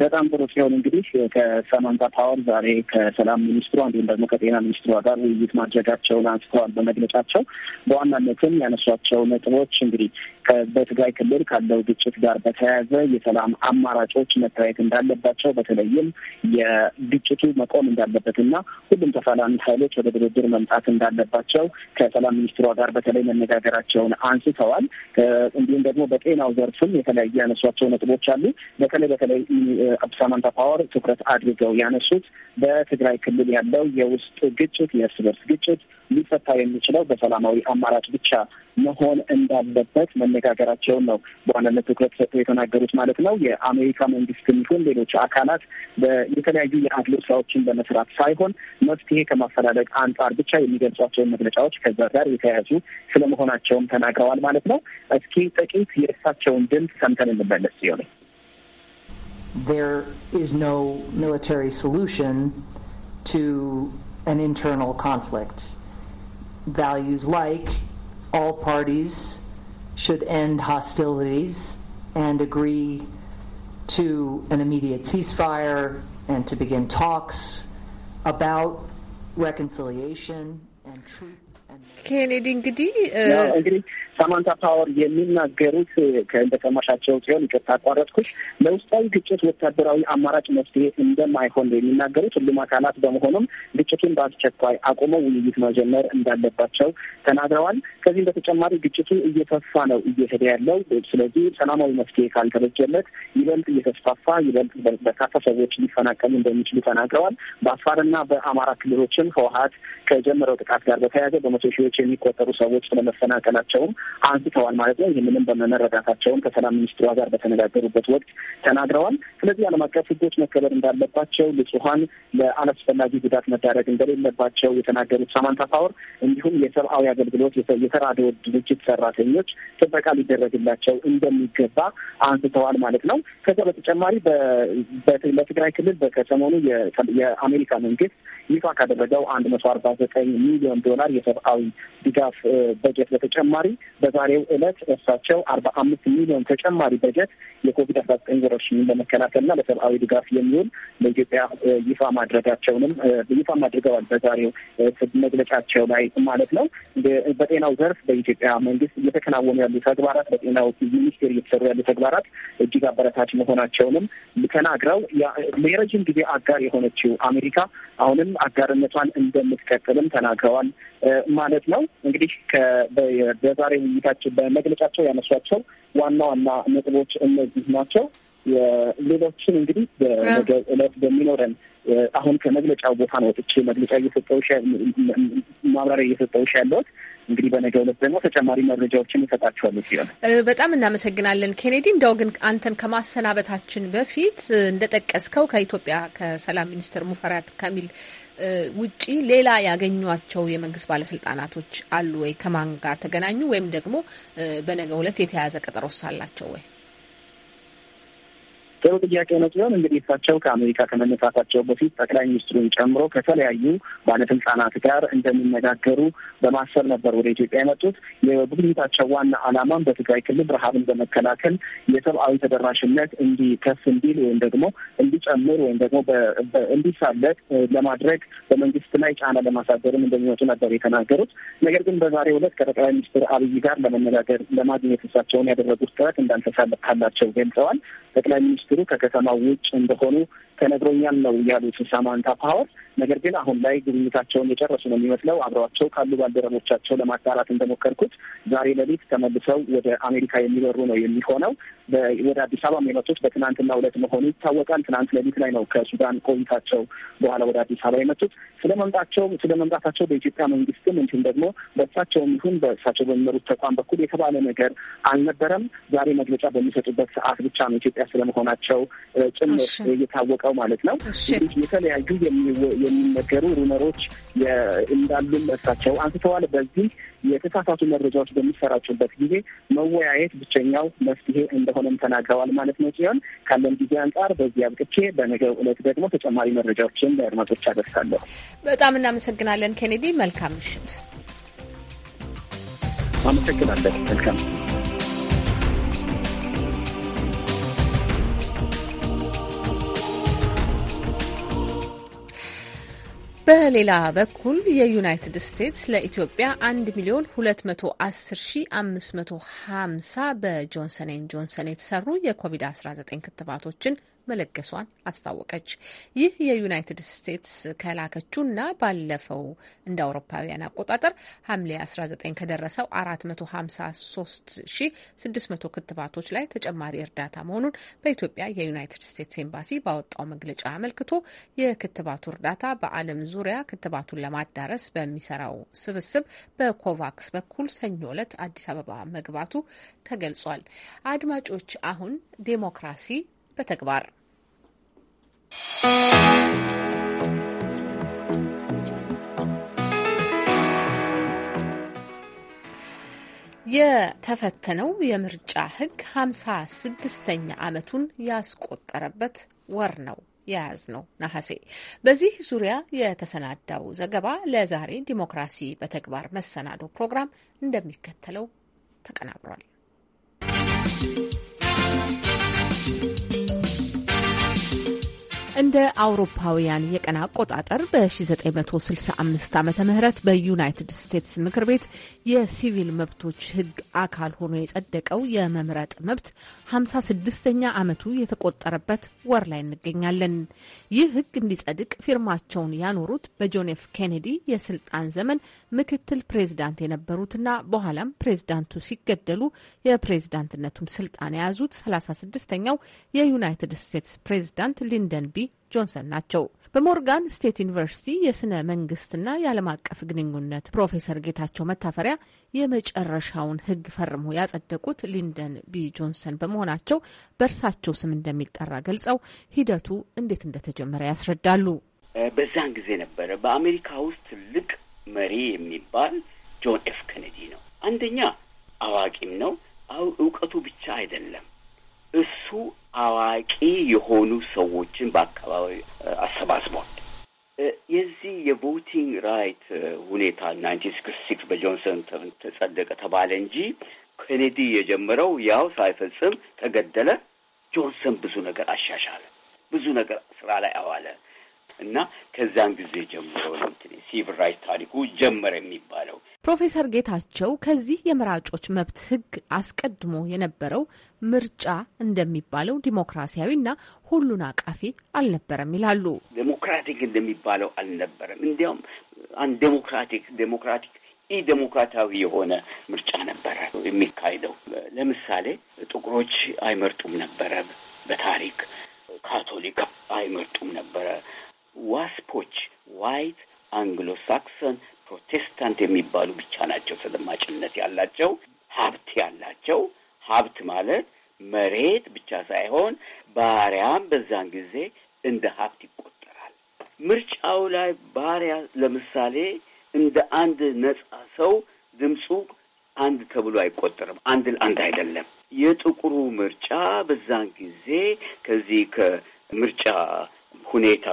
በጣም ጥሩ ሲሆን እንግዲህ ከሳማንታ ፓወር ዛሬ ከሰላም ሚኒስትሯ እንዲሁም ደግሞ ከጤና ሚኒስትሯ ጋር ውይይት ማድረጋቸውን አንስተዋል። በመግለጫቸው በዋናነትም ያነሷቸው ነጥቦች እንግዲህ በትግራይ ክልል ካለው ግጭት ጋር በተያያዘ የሰላም አማራጮች መታየት እንዳለባቸው በተለይም የግጭቱ መቆም እንዳለበትና ሁሉም ተፋላሚ ኃይሎች ወደ ድርድር መምጣት እንዳለባቸው ከሰላም ሚኒስትሯ ጋር በተለይ መነጋገራቸውን አንስተዋል። እንዲሁም ደግሞ በጤናው ዘርፍም የተለያዩ ያነሷቸው ነጥቦች አሉ። በተለይ በተለይ ሳማንታ ፓወር ትኩረት አድርገው ያነሱት በትግራይ ክልል ያለው የውስጥ ግጭት፣ የእርስ በርስ ግጭት ሊፈታ የሚችለው በሰላማዊ አማራጭ ብቻ መሆን እንዳለበት መነጋገራቸውን ነው በዋናነት ትኩረት ሰጥተው የተናገሩት ማለት ነው። የአሜሪካ መንግስት የሚሆን ሌሎች አካላት የተለያዩ የአድሎ ስራዎችን በመስራት ሳይሆን መፍትሄ ከማፈላለግ አንጻር ብቻ የሚገልጿቸውን መግለጫዎች ከዛ ጋር የተያያዙ ስለመሆናቸውም ተናግረዋል ማለት ነው። እስኪ ጥቂት የእሳቸውን ድምፅ ሰምተን እንመለስ ሲሆነ there is no military solution to an internal conflict. Values like all parties should end hostilities and agree to an immediate ceasefire and to begin talks about reconciliation and truth. ኬኔዲ እንግዲህ ሳማንታ ፓወር የሚናገሩት ከእንደሰማሻቸው ሲሆን ይቅርታ አቋረጥኩሽ። ለውስጣዊ ግጭት ወታደራዊ አማራጭ መፍትሄ እንደማይሆን ነው የሚናገሩት። ሁሉም አካላት በመሆኑም ግጭቱን በአስቸኳይ አቁመው ውይይት መጀመር እንዳለባቸው ተናግረዋል። ከዚህም በተጨማሪ ግጭቱ እየሰፋ ነው እየሄደ ያለው። ስለዚህ ሰላማዊ መፍትሄ ካልተበጀለት ይበልጥ እየተስፋፋ ይበልጥ በርካታ ሰዎች ሊፈናቀሉ እንደሚችሉ ተናግረዋል። በአፋርና በአማራ ክልሎችም ህወሀት ከጀመረው ጥቃት ጋር በተያያዘ በመቶ ሺዎች የሚቆጠሩ ሰዎች ስለመፈናቀላቸውም አንስተዋል ማለት ነው። ይህንንም በመረዳታቸውም ከሰላም ሚኒስትሯ ጋር በተነጋገሩበት ወቅት ተናግረዋል። ስለዚህ ዓለም አቀፍ ሕጎች መከበር እንዳለባቸው፣ ንጹሀን ለአላስፈላጊ ጉዳት መዳረግ እንደሌለባቸው የተናገሩት ሳማንታ ፓወር እንዲሁም የሰብአዊ አገልግሎት የተራድኦ ድርጅት ሰራተኞች ጥበቃ ሊደረግላቸው እንደሚገባ አንስተዋል ማለት ነው። ከዚያ በተጨማሪ ለትግራይ ክልል በከሰሞኑ የአሜሪካ መንግስት ይፋ ካደረገው አንድ መቶ አርባ ዘጠኝ ሚሊዮን ዶላር የሰብአዊ ድጋፍ በጀት በተጨማሪ በዛሬው ዕለት እርሳቸው አርባ አምስት ሚሊዮን ተጨማሪ በጀት የኮቪድ አስራ ዘጠኝ ወረርሽኝን ለመከላከልና ለሰብአዊ ድጋፍ የሚውል ለኢትዮጵያ ይፋ ማድረጋቸውንም ይፋ አድርገዋል። በዛሬው መግለጫቸው ላይ ማለት ነው። በጤናው ዘርፍ በኢትዮጵያ መንግስት እየተከናወኑ ያሉ ተግባራት፣ በጤናው ሚኒስቴር እየተሰሩ ያሉ ተግባራት እጅግ አበረታች መሆናቸውንም ተናግረው ለረጅም ጊዜ አጋር የሆነችው አሜሪካ አሁንም አጋርነቷን እንደምትቀጥልም ተናግረዋል። ማለት ነው። እንግዲህ በዛሬ ውይይታችን በመግለጫቸው ያነሷቸው ዋና ዋና ነጥቦች እነዚህ ናቸው። ሌሎችን እንግዲህ በነገ ዕለት በሚኖረን አሁን ከመግለጫው ቦታ ነው ወጥቼ መግለጫ እየሰጠው ማብራሪያ እየሰጠው ያለሁት። እንግዲህ በነገ ዕለት ደግሞ ተጨማሪ መረጃዎችን እሰጣችኋለሁ። ሲሆን በጣም እናመሰግናለን ኬኔዲ። እንዲያው ግን አንተን ከማሰናበታችን በፊት እንደጠቀስከው ከኢትዮጵያ ከሰላም ሚኒስትር ሙፈሪያት ከሚል ውጪ ሌላ ያገኟቸው የመንግስት ባለስልጣናቶች አሉ ወይ? ከማን ጋር ተገናኙ? ወይም ደግሞ በነገ ሁለት የተያያዘ ቀጠሮ ሳላቸው ወይ? ጥሩ ጥያቄ ነው ሲሆን እንግዲህ እሳቸው ከአሜሪካ ከመነሳታቸው በፊት ጠቅላይ ሚኒስትሩን ጨምሮ ከተለያዩ ባለስልጣናት ጋር እንደሚነጋገሩ በማሰብ ነበር ወደ ኢትዮጵያ የመጡት። የጉብኝታቸው ዋና ዓላማም በትግራይ ክልል ረሃብን በመከላከል የሰብአዊ ተደራሽነት እንዲከፍ እንዲል ወይም ደግሞ እንዲጨምር ወይም ደግሞ እንዲሳለጥ ለማድረግ በመንግስት ላይ ጫና ለማሳደርም እንደሚመጡ ነበር የተናገሩት። ነገር ግን በዛሬው ዕለት ከጠቅላይ ሚኒስትር አብይ ጋር ለመነጋገር ለማግኘት እሳቸውን ያደረጉት ጥረት እንዳልተሳካላቸው ገልጸዋል። ጠቅላይ ሚኒስትሩ ሚኒስትሩ ከከተማ ውጭ እንደሆኑ ተነግሮኛል ነው ያሉት ሳማንታ ፓወር። ነገር ግን አሁን ላይ ጉብኝታቸውን የጨረሱ ነው የሚመስለው። አብረዋቸው ካሉ ባልደረቦቻቸው ለማጣራት እንደሞከርኩት ዛሬ ሌሊት ተመልሰው ወደ አሜሪካ የሚበሩ ነው የሚሆነው። ወደ አዲስ አበባ የመጡት በትናንትና ሁለት መሆኑ ይታወቃል። ትናንት ሌሊት ላይ ነው ከሱዳን ቆይታቸው በኋላ ወደ አዲስ አበባ የመጡት። ስለመምጣቸው መምጣታቸው በኢትዮጵያ መንግስትም እንዲሁም ደግሞ በእሳቸውም ይሁን በእሳቸው በሚመሩት ተቋም በኩል የተባለ ነገር አልነበረም። ዛሬ መግለጫ በሚሰጡበት ሰዓት ብቻ ነው ኢትዮጵያ ስለመሆናቸው መሆናቸው ጭምር እየታወቀው ማለት ነው። እንግዲህ የተለያዩ የሚነገሩ ሩመሮች እንዳሉም እሳቸው አንስተዋል። በዚህ የተሳሳቱ መረጃዎች በሚሰራጩበት ጊዜ መወያየት ብቸኛው መፍትሄ እንደሆነም ተናግረዋል ማለት ነው። ሲሆን ካለን ጊዜ አንጻር በዚህ አብቅቼ በነገው ዕለት ደግሞ ተጨማሪ መረጃዎችን ለአድማጮች አደርሳለሁ። በጣም እናመሰግናለን ኬኔዲ። መልካም ምሽት። አመሰግናለን። መልካም በሌላ በኩል የዩናይትድ ስቴትስ ለኢትዮጵያ 1 ሚሊዮን 210550 በጆንሰን ኤንድ ጆንሰን የተሰሩ የኮቪድ-19 ክትባቶችን መለገሷን አስታወቀች። ይህ የዩናይትድ ስቴትስ ከላከችውና ባለፈው እንደ አውሮፓውያን አቆጣጠር ሐምሌ 19 ከደረሰው 453600 ክትባቶች ላይ ተጨማሪ እርዳታ መሆኑን በኢትዮጵያ የዩናይትድ ስቴትስ ኤምባሲ ባወጣው መግለጫ አመልክቶ የክትባቱ እርዳታ በዓለም ዙሪያ ክትባቱን ለማዳረስ በሚሰራው ስብስብ በኮቫክስ በኩል ሰኞ ዕለት አዲስ አበባ መግባቱ ተገልጿል። አድማጮች አሁን ዴሞክራሲ በተግባር የተፈተነው የምርጫ ህግ ሀምሳ ስድስተኛ ዓመቱን ያስቆጠረበት ወር ነው የያዝ ነው ነሐሴ። በዚህ ዙሪያ የተሰናዳው ዘገባ ለዛሬ ዲሞክራሲ በተግባር መሰናዶ ፕሮግራም እንደሚከተለው ተቀናብሯል። እንደ አውሮፓውያን የቀን አቆጣጠር በ1965 ዓ ም በዩናይትድ ስቴትስ ምክር ቤት የሲቪል መብቶች ሕግ አካል ሆኖ የጸደቀው የመምረጥ መብት 56ኛ ዓመቱ የተቆጠረበት ወር ላይ እንገኛለን። ይህ ሕግ እንዲጸድቅ ፊርማቸውን ያኖሩት በጆን ኤፍ ኬኔዲ የስልጣን ዘመን ምክትል ፕሬዝዳንት የነበሩትና በኋላም ፕሬዝዳንቱ ሲገደሉ የፕሬዝዳንትነቱን ስልጣን የያዙት 36ኛው የዩናይትድ ስቴትስ ፕሬዝዳንት ሊንደን ቢ ጆንሰን ናቸው። በሞርጋን ስቴት ዩኒቨርሲቲ የስነ መንግስትና የዓለም አቀፍ ግንኙነት ፕሮፌሰር ጌታቸው መታፈሪያ የመጨረሻውን ህግ ፈርሞ ያጸደቁት ሊንደን ቢ ጆንሰን በመሆናቸው በእርሳቸው ስም እንደሚጠራ ገልጸው ሂደቱ እንዴት እንደተጀመረ ያስረዳሉ። በዛን ጊዜ ነበረ በአሜሪካ ውስጥ ትልቅ መሪ የሚባል ጆን ኤፍ ኬኔዲ ነው። አንደኛ አዋቂም ነው። እውቀቱ ብቻ አይደለም እሱ አዋቂ የሆኑ ሰዎችን በአካባቢ አሰባስቧል። የዚህ የቮቲንግ ራይት ሁኔታ ናይንቲን ሲክስቲ ሲክስ በጆንሰን ተጸደቀ ተባለ እንጂ ኬኔዲ የጀመረው ያው ሳይፈጽም ተገደለ። ጆንሰን ብዙ ነገር አሻሻለ፣ ብዙ ነገር ስራ ላይ አዋለ። እና ከዚያን ጊዜ ጀምሮ ነው ሲቪል ራይት ታሪኩ ጀመረ የሚባለው። ፕሮፌሰር ጌታቸው ከዚህ የመራጮች መብት ህግ አስቀድሞ የነበረው ምርጫ እንደሚባለው ዲሞክራሲያዊና ሁሉን አቃፊ አልነበረም ይላሉ። ዴሞክራቲክ እንደሚባለው አልነበረም። እንዲያውም አንድ ዴሞክራቲክ ዴሞክራቲክ ኢ ዴሞክራታዊ የሆነ ምርጫ ነበረ የሚካሄደው። ለምሳሌ ጥቁሮች አይመርጡም ነበረ በታሪክ ካቶሊክ አይመርጡም ነበረ ዋስፖች ዋይት አንግሎ ሳክሰን ፕሮቴስታንት የሚባሉ ብቻ ናቸው ተደማጭነት ያላቸው ሀብት ያላቸው ሀብት ማለት መሬት ብቻ ሳይሆን ባሪያም በዛን ጊዜ እንደ ሀብት ይቆጠራል። ምርጫው ላይ ባሪያ ለምሳሌ እንደ አንድ ነጻ ሰው ድምፁ አንድ ተብሎ አይቆጠርም። አንድ ለአንድ አይደለም። የጥቁሩ ምርጫ በዛን ጊዜ ከዚህ ከምርጫ ሁኔታ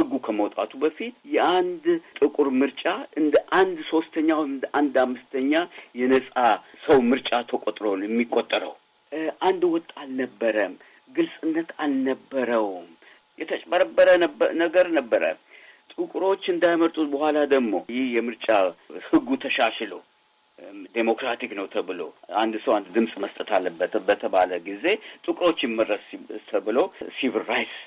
ህጉ ከመውጣቱ በፊት የአንድ ጥቁር ምርጫ እንደ አንድ ሶስተኛ ወይም እንደ አንድ አምስተኛ የነጻ ሰው ምርጫ ተቆጥሮ ነው የሚቆጠረው። አንድ ወጥ አልነበረም። ግልጽነት አልነበረውም። የተጭበረበረ ነገር ነበረ። ጥቁሮች እንዳይመርጡ በኋላ ደግሞ ይህ የምርጫ ህጉ ተሻሽሎ ዴሞክራቲክ ነው ተብሎ አንድ ሰው አንድ ድምፅ መስጠት አለበት በተባለ ጊዜ ጥቁሮች ይመረስ ተብሎ ሲቪል ራይትስ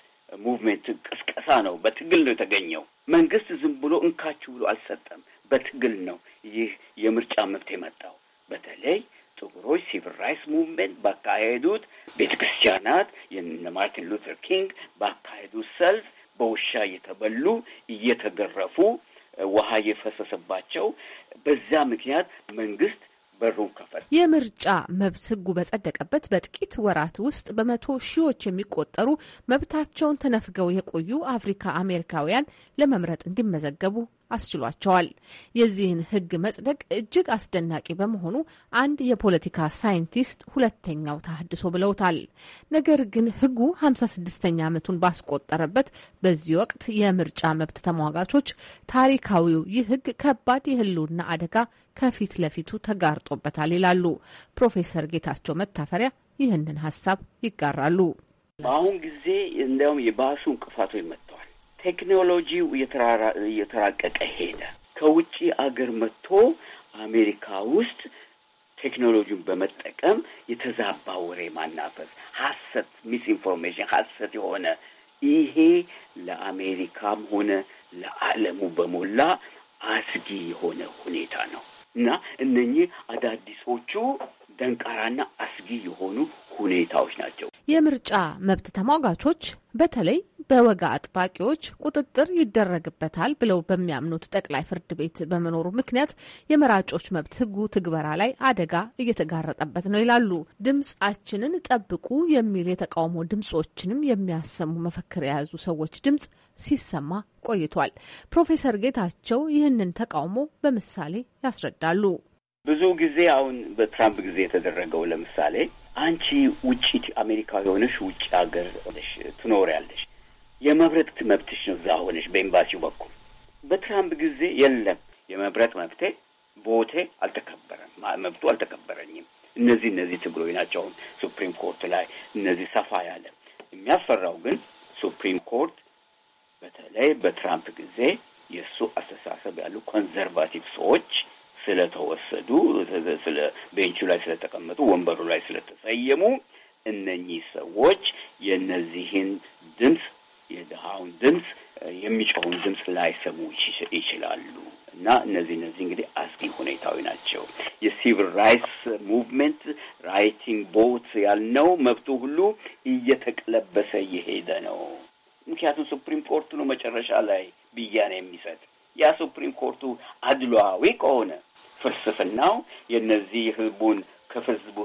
ሙቭሜንት ቅስቀሳ ነው፣ በትግል ነው የተገኘው። መንግስት ዝም ብሎ እንካች ብሎ አልሰጠም፣ በትግል ነው ይህ የምርጫ መብት የመጣው። በተለይ ጥቁሮች ሲቪል ራይትስ ሙቭሜንት ባካሄዱት፣ ቤተ ክርስቲያናት የነ ማርቲን ሉተር ኪንግ ባካሄዱት ሰልፍ በውሻ እየተበሉ እየተገረፉ ውሃ እየፈሰሰባቸው በዛ ምክንያት መንግስት የምርጫ መብት ሕጉ በጸደቀበት በጥቂት ወራት ውስጥ በመቶ ሺዎች የሚቆጠሩ መብታቸውን ተነፍገው የቆዩ አፍሪካ አሜሪካውያን ለመምረጥ እንዲመዘገቡ አስችሏቸዋል። የዚህን ሕግ መጽደቅ እጅግ አስደናቂ በመሆኑ አንድ የፖለቲካ ሳይንቲስት ሁለተኛው ተሃድሶ ብለውታል። ነገር ግን ሕጉ 56ኛ ዓመቱን ባስቆጠረበት በዚህ ወቅት የምርጫ መብት ተሟጋቾች ታሪካዊው ይህ ሕግ ከባድ የህልውና አደጋ ከፊት ለፊቱ ተጋርጦበታል ይላሉ። ፕሮፌሰር ጌታቸው መታፈሪያ ይህንን ሀሳብ ይጋራሉ። በአሁን ጊዜ እንዲያውም የባሱ እንቅፋቶች መጥተዋል። ቴክኖሎጂው እየተራቀቀ ሄደ። ከውጭ አገር መጥቶ አሜሪካ ውስጥ ቴክኖሎጂውን በመጠቀም የተዛባ ወሬ ማናፈስ፣ ሚስ ሚስኢንፎርሜሽን፣ ሀሰት የሆነ ይሄ ለአሜሪካም ሆነ ለዓለሙ በሞላ አስጊ የሆነ ሁኔታ ነው እና እነኚህ አዳዲሶቹ ደንቃራና አስጊ የሆኑ ሁኔታዎች ናቸው። የምርጫ መብት ተሟጋቾች በተለይ በወጋ አጥባቂዎች ቁጥጥር ይደረግበታል ብለው በሚያምኑት ጠቅላይ ፍርድ ቤት በመኖሩ ምክንያት የመራጮች መብት ሕጉ ትግበራ ላይ አደጋ እየተጋረጠበት ነው ይላሉ። ድምጻችንን ጠብቁ የሚል የተቃውሞ ድምጾችንም የሚያሰሙ መፈክር የያዙ ሰዎች ድምጽ ሲሰማ ቆይቷል። ፕሮፌሰር ጌታቸው ይህንን ተቃውሞ በምሳሌ ያስረዳሉ። ብዙ ጊዜ አሁን በትራምፕ ጊዜ የተደረገው ለምሳሌ አንቺ ውጭ አሜሪካ የሆነሽ ውጭ ሀገር ትኖሪያለሽ የመብረት መብትሽ ነው እዛ ሆነሽ በኤምባሲው በኩል። በትራምፕ ጊዜ የለም የመብረት መብቴ ቦቴ አልተከበረም፣ መብቱ አልተከበረኝም። እነዚህ እነዚህ ትግሎች ናቸው ሱፕሪም ኮርት ላይ እነዚህ ሰፋ ያለ የሚያስፈራው ግን ሱፕሪም ኮርት በተለይ በትራምፕ ጊዜ የእሱ አስተሳሰብ ያሉ ኮንዘርቫቲቭ ሰዎች ስለተወሰዱ ስለ ቤንቹ ላይ ስለተቀመጡ ወንበሩ ላይ ስለተሰየሙ እነኚህ ሰዎች የእነዚህን ድምፅ የድሃውን ድምፅ የሚጮውን ድምፅ ላይሰሙ ይችላሉ። እና እነዚህ እነዚህ እንግዲህ አስጊ ሁኔታዊ ናቸው። የሲቪል ራይትስ ሙቭመንት ራይቲንግ ቦት ያልነው መብቱ ሁሉ እየተቀለበሰ እየሄደ ነው። ምክንያቱም ሱፕሪም ኮርቱ ነው መጨረሻ ላይ ብያኔ የሚሰጥ። ያ ሱፕሪም ኮርቱ አድሏዊ ከሆነ ፍልስፍናው የእነዚህ ህዝቡን ከህዝቡ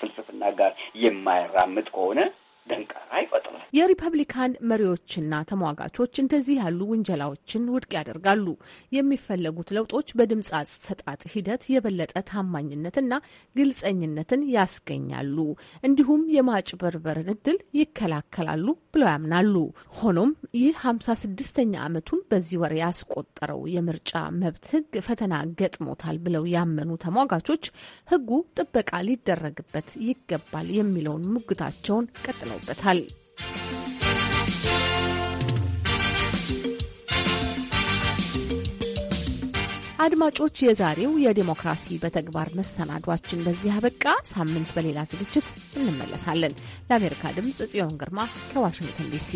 ፍልስፍና ጋር የማይራምጥ ከሆነ ደንቃራ ይቆጥራል። የሪፐብሊካን መሪዎችና ተሟጋቾች እንደዚህ ያሉ ውንጀላዎችን ውድቅ ያደርጋሉ። የሚፈለጉት ለውጦች በድምፅ አሰጣጥ ሂደት የበለጠ ታማኝነትና ግልጸኝነትን ያስገኛሉ፣ እንዲሁም የማጭበርበርን እድል ይከላከላሉ ብለው ያምናሉ። ሆኖም ይህ ሀምሳ ስድስተኛ ዓመቱን በዚህ ወር ያስቆጠረው የምርጫ መብት ህግ ፈተና ገጥሞታል ብለው ያመኑ ተሟጋቾች ህጉ ጥበቃ ሊደረግበት ይገባል የሚለውን ሙግታቸውን ቀጥለው ተጠቅመውበታል። አድማጮች፣ የዛሬው የዲሞክራሲ በተግባር መሰናዷችን በዚህ አበቃ። ሳምንት በሌላ ዝግጅት እንመለሳለን። ለአሜሪካ ድምፅ ጽዮን ግርማ ከዋሽንግተን ዲሲ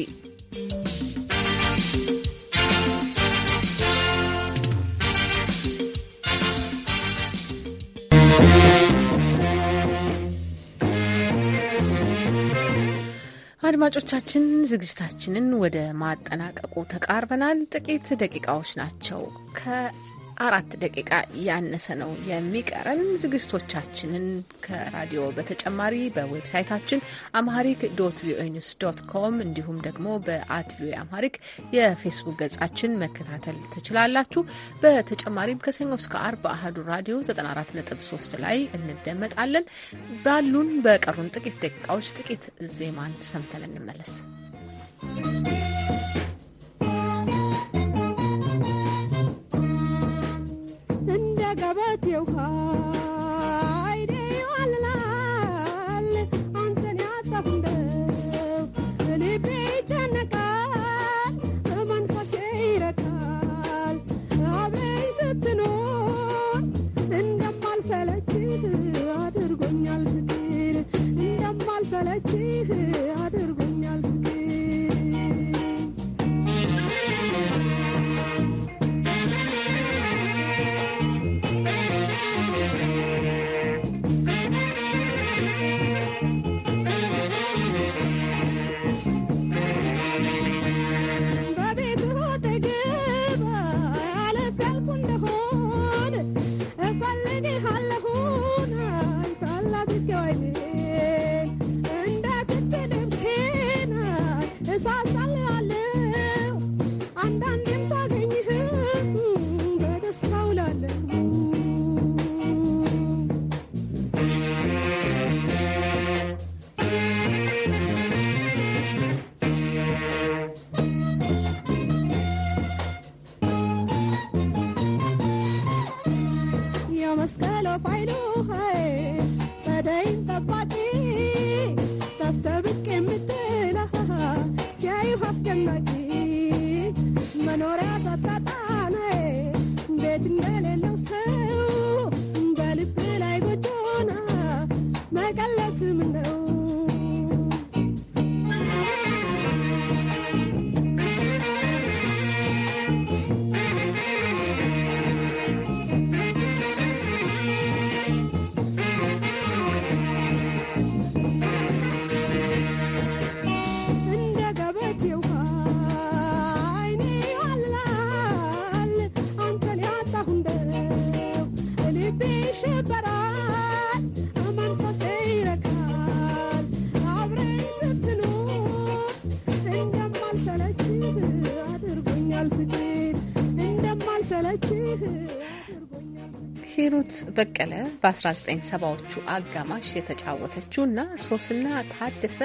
አድማጮቻችን ዝግጅታችንን ወደ ማጠናቀቁ ተቃርበናል። ጥቂት ደቂቃዎች ናቸው ከ አራት ደቂቃ ያነሰ ነው የሚቀረን። ዝግጅቶቻችንን ከራዲዮ በተጨማሪ በዌብሳይታችን አምሃሪክ ዶት ቪኦኤ ኒውስ ዶት ኮም እንዲሁም ደግሞ በአት ቪኦኤ አምሃሪክ የፌስቡክ ገጻችን መከታተል ትችላላችሁ። በተጨማሪም ከሰኞ እስከ አርብ አህዱ ራዲዮ 94.3 ላይ እንደመጣለን። ባሉን በቀሩን ጥቂት ደቂቃዎች ጥቂት ዜማን ሰምተን እንመለስ። 有花。በቀለ በ1970ዎቹ አጋማሽ የተጫወተችው እና ሶስና ታደሰ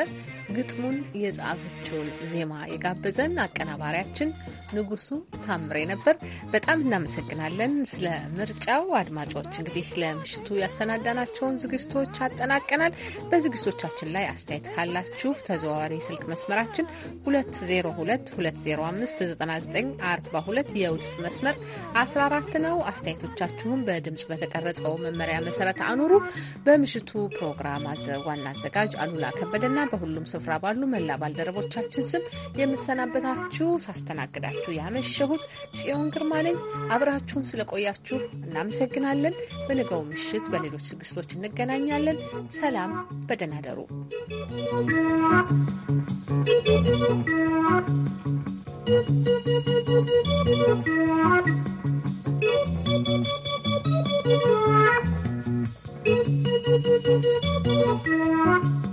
ግጥሙን የጻፈችውን ዜማ የጋበዘን አቀናባሪያችን ንጉሱ ታምሬ ነበር። በጣም እናመሰግናለን ስለ ምርጫው። አድማጮች እንግዲህ ለምሽቱ ያሰናዳናቸውን ዝግጅቶች አጠናቀናል። በዝግጅቶቻችን ላይ አስተያየት ካላችሁ ተዘዋዋሪ ስልክ መስመራችን 2022059942 የውስጥ መስመር 14 ነው። አስተያየቶቻችሁን በድምጽ በተቀረጸው መመሪያ መሰረት አኑሩ። በምሽቱ ፕሮግራም ዋና አዘጋጅ አሉላ ከበደና በሁሉም ሰው ስፍራ ባሉ መላ ባልደረቦቻችን ስም የምሰናበታችሁ ሳስተናግዳችሁ ያመሸሁት ጽዮን ግርማ ነኝ። አብራችሁን ስለቆያችሁ እናመሰግናለን። በነገው ምሽት በሌሎች ዝግጅቶች እንገናኛለን። ሰላም፣ በደህና ደሩ። Thank you.